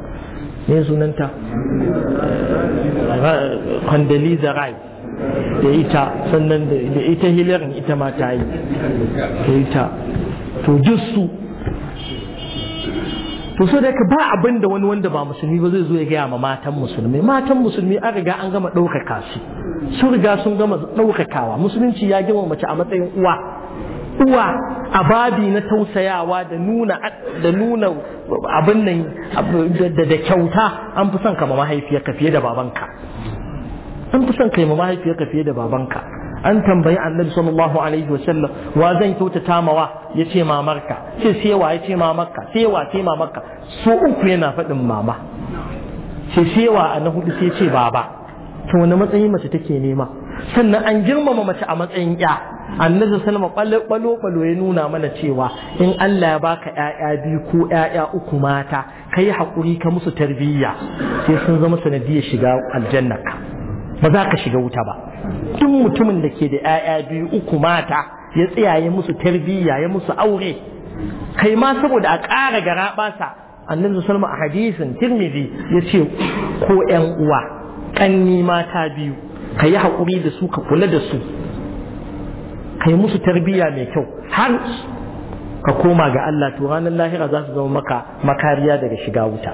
ne sunanta Kwandali Zarai. da ita sannan da ita hilarin ita ma ta yi da ita to jussu to so da ba abin wani wanda ba musulmi ba zai zo ya gaya ma matan musulmi matan musulmi an riga an gama ɗaukaka su sun riga sun gama ɗaukakawa musulunci ya gima mace a matsayin uwa uwa a babi na tausayawa da nuna da da kyauta an fi son ka ma mahaifiyarka fiye da babanka sun fi son kai ma mahaifiyarka fiye da babanka an tambayi annabi sallallahu alaihi wa sallam wa zan kyautata Ya ce mamarka ce sai wa ce mamarka sai wa ce mamarka su uku yana faɗin mama ce sai wa a na hudu sai ce baba to wani matsayi mace take nema sannan an girmama mace a matsayin ya annabi sallama balo balo ya nuna mana cewa in Allah ya baka ƴaƴa biyu ko ƴaƴa uku mata kai hakuri ka musu tarbiyya sai sun zama sanadiyar shiga aljannaka ba za ka shiga wuta ba duk mutumin da ke da 'ya'ya biyu uku mata ya tsiyaye musu tarbiyya ya musu aure kai ma saboda a ƙara gara basa annabi salma a hadisin tirmidhi ya ce ko yan uwa ƙanni mata biyu ka yi haƙuri da su ka kula da su ka yi musu tarbiyya mai kyau har ka koma ga Allah to ranar lahira za su zama maka makariya daga shiga wuta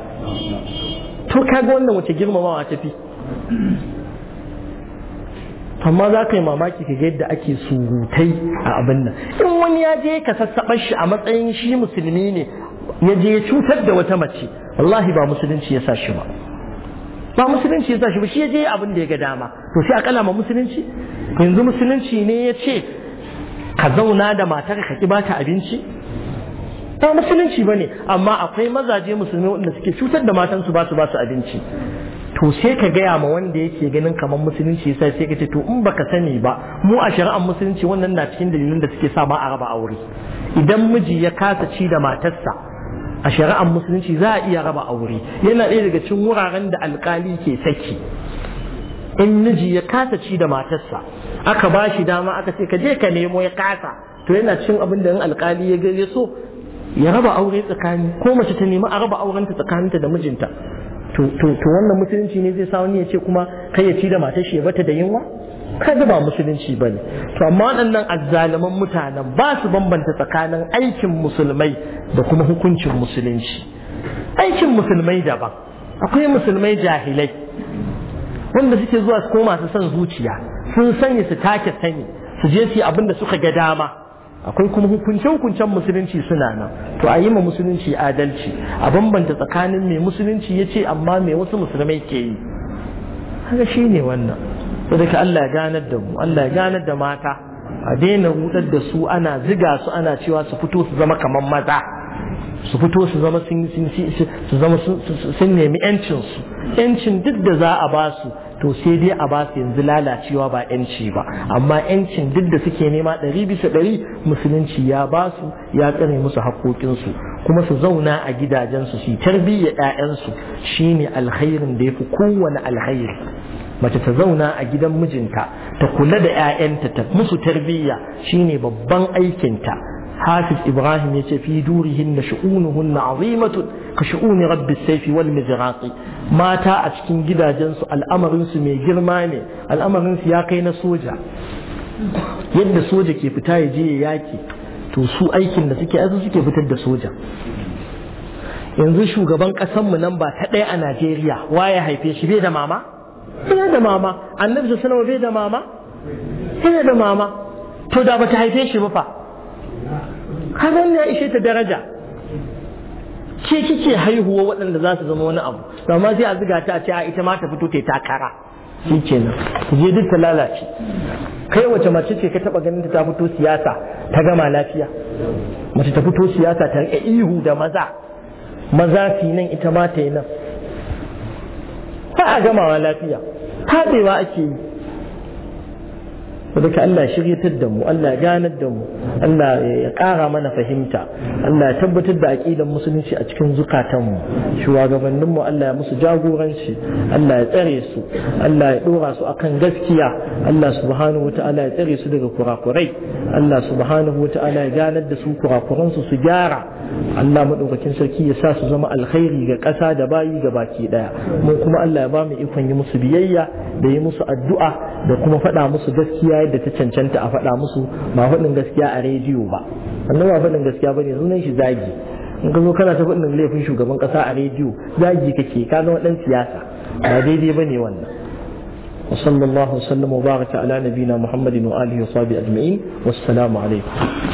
to ga wannan wace girmamawa tafi amma za ka yi mamaki ka yadda ake surutai a abin nan in wani ya je ka sassaɓar shi a matsayin shi musulmi ne ya je ya cutar da wata mace wallahi ba musulunci ya sa shi ba ba musulunci ya sa shi ba shi ya je abin da ya ga dama to sai a kalama musulunci yanzu musulunci ne ya ce ka zauna da matar ka ki bata abinci ba musulunci ba ne amma akwai mazaje musulmi wanda suke cutar da matansu ba su ba su abinci to sai ka gaya ma wanda yake ganin kamar musulunci sai sai ka ce to in baka sani ba mu a shari'ar musulunci wannan na cikin dalilin da suke sa ma a raba aure idan miji ya kasa ci da matarsa a shari'ar musulunci za a iya raba aure yana ɗaya daga cikin wuraren da alƙali ke saki in miji ya kasa ci da matarsa aka ba shi dama aka ce ka je ka nemo ya kasa to yana cikin abin da in alkali ya gare so ya raba aure tsakani ko mace ta nemi a raba aurenta tsakaninta da mijinta to wannan musulunci ne zai sa wani ya ce kuma kai ya ci da matar shi ya bata da yunwa kada ba musulunci bane to amma waɗannan azzaliman mutanen ba su bambanta tsakanin aikin musulmai da kuma hukuncin musulunci aikin musulmai daban akwai musulmai jahilai wanda suke zuwa su koma su son zuciya sun sanya su take sani su je su yi abin da suka ga dama akwai kuma hukunce-hukuncen musulunci suna nan to a yi ma musulunci adalci a bambanta tsakanin mai musulunci ya ce amma mai wasu musulmai ke yi haka shi ne wannan saboda Allah ya ganar da mu Allah ya ganar da mata a daina hudar da su ana ziga su ana cewa su fito su zama kamar maza su fito su zama sun nemi yancin su yancin duk da za a ba su to sai dai a ba su yanzu lalacewa ba yanci ba amma yancin duk da suke nema ɗari bisa ɗari musulunci ya ba su ya tsare musu haƙoƙinsu kuma su zauna a gidajensu su yi 'ya'yansu shi shine alkhairin da ya fi kowane alkhairi mace ta zauna a gidan mijinta ta kula da 'ya'yanta ta musu tarbiyya shine babban aikinta hafiz ibrahim ya ce durihin shu'unuhun azimatun ka shu'uni rabbi mata a cikin gidajensu al'amarin su mai girma ne al'amarin su ya kai na soja yadda soja ke fita ya je ya yaki to su aikin da suke azu suke fitar da soja yanzu shugaban mu nan ta ɗaya a Najeriya waye haife shi bai da mama? Bai da mama, annabi su sanarwa bai da mama? Bai da mama, to da ba haife shi ba fa. kaga ya ishe ta daraja ke kike haihuwa waɗanda za su zama wani abu Zama sai a ziga ta ce a ita ma ta fito ta takara shi je duk ta lalace kai wace mace ce ka taba ganin ta fito siyasa ta gama lafiya mace ta fito siyasa ta rike ihu da maza maza fi nan ita ma ta yi nan ta a gamawa lafiya taɗewa ake yi saboda Allah shiryatar da mu Allah ganar da mu Allah ya ƙara mana fahimta Allah ya tabbatar da aƙidan musulunci a cikin zukatan mu shugabannin mu Allah ya musu jagoranci Allah ya tsare su Allah ya dora su akan gaskiya Allah subhanahu wataala ya tsare su daga kurakurai Allah subhanahu wataala ya ganar da su kurakuran su su gyara Allah madaukakin sarki ya sa su zama alkhairi ga ƙasa da bayi ga baki ɗaya. mu kuma Allah ya ba mu ikon yi musu biyayya da yi musu addu'a da kuma faɗa musu gaskiya gaskiya yadda ta cancanta a faɗa musu ba faɗin gaskiya a rediyo ba sannan ba faɗin gaskiya ba ne sunan shi zagi in ka zo kana ta faɗin laifin shugaban ƙasa a rediyo zagi kake ka zama ɗan siyasa ba daidai ba ne wannan وصلى الله وسلم وبارك على نبينا محمد وآله وصحبه أجمعين والسلام عليكم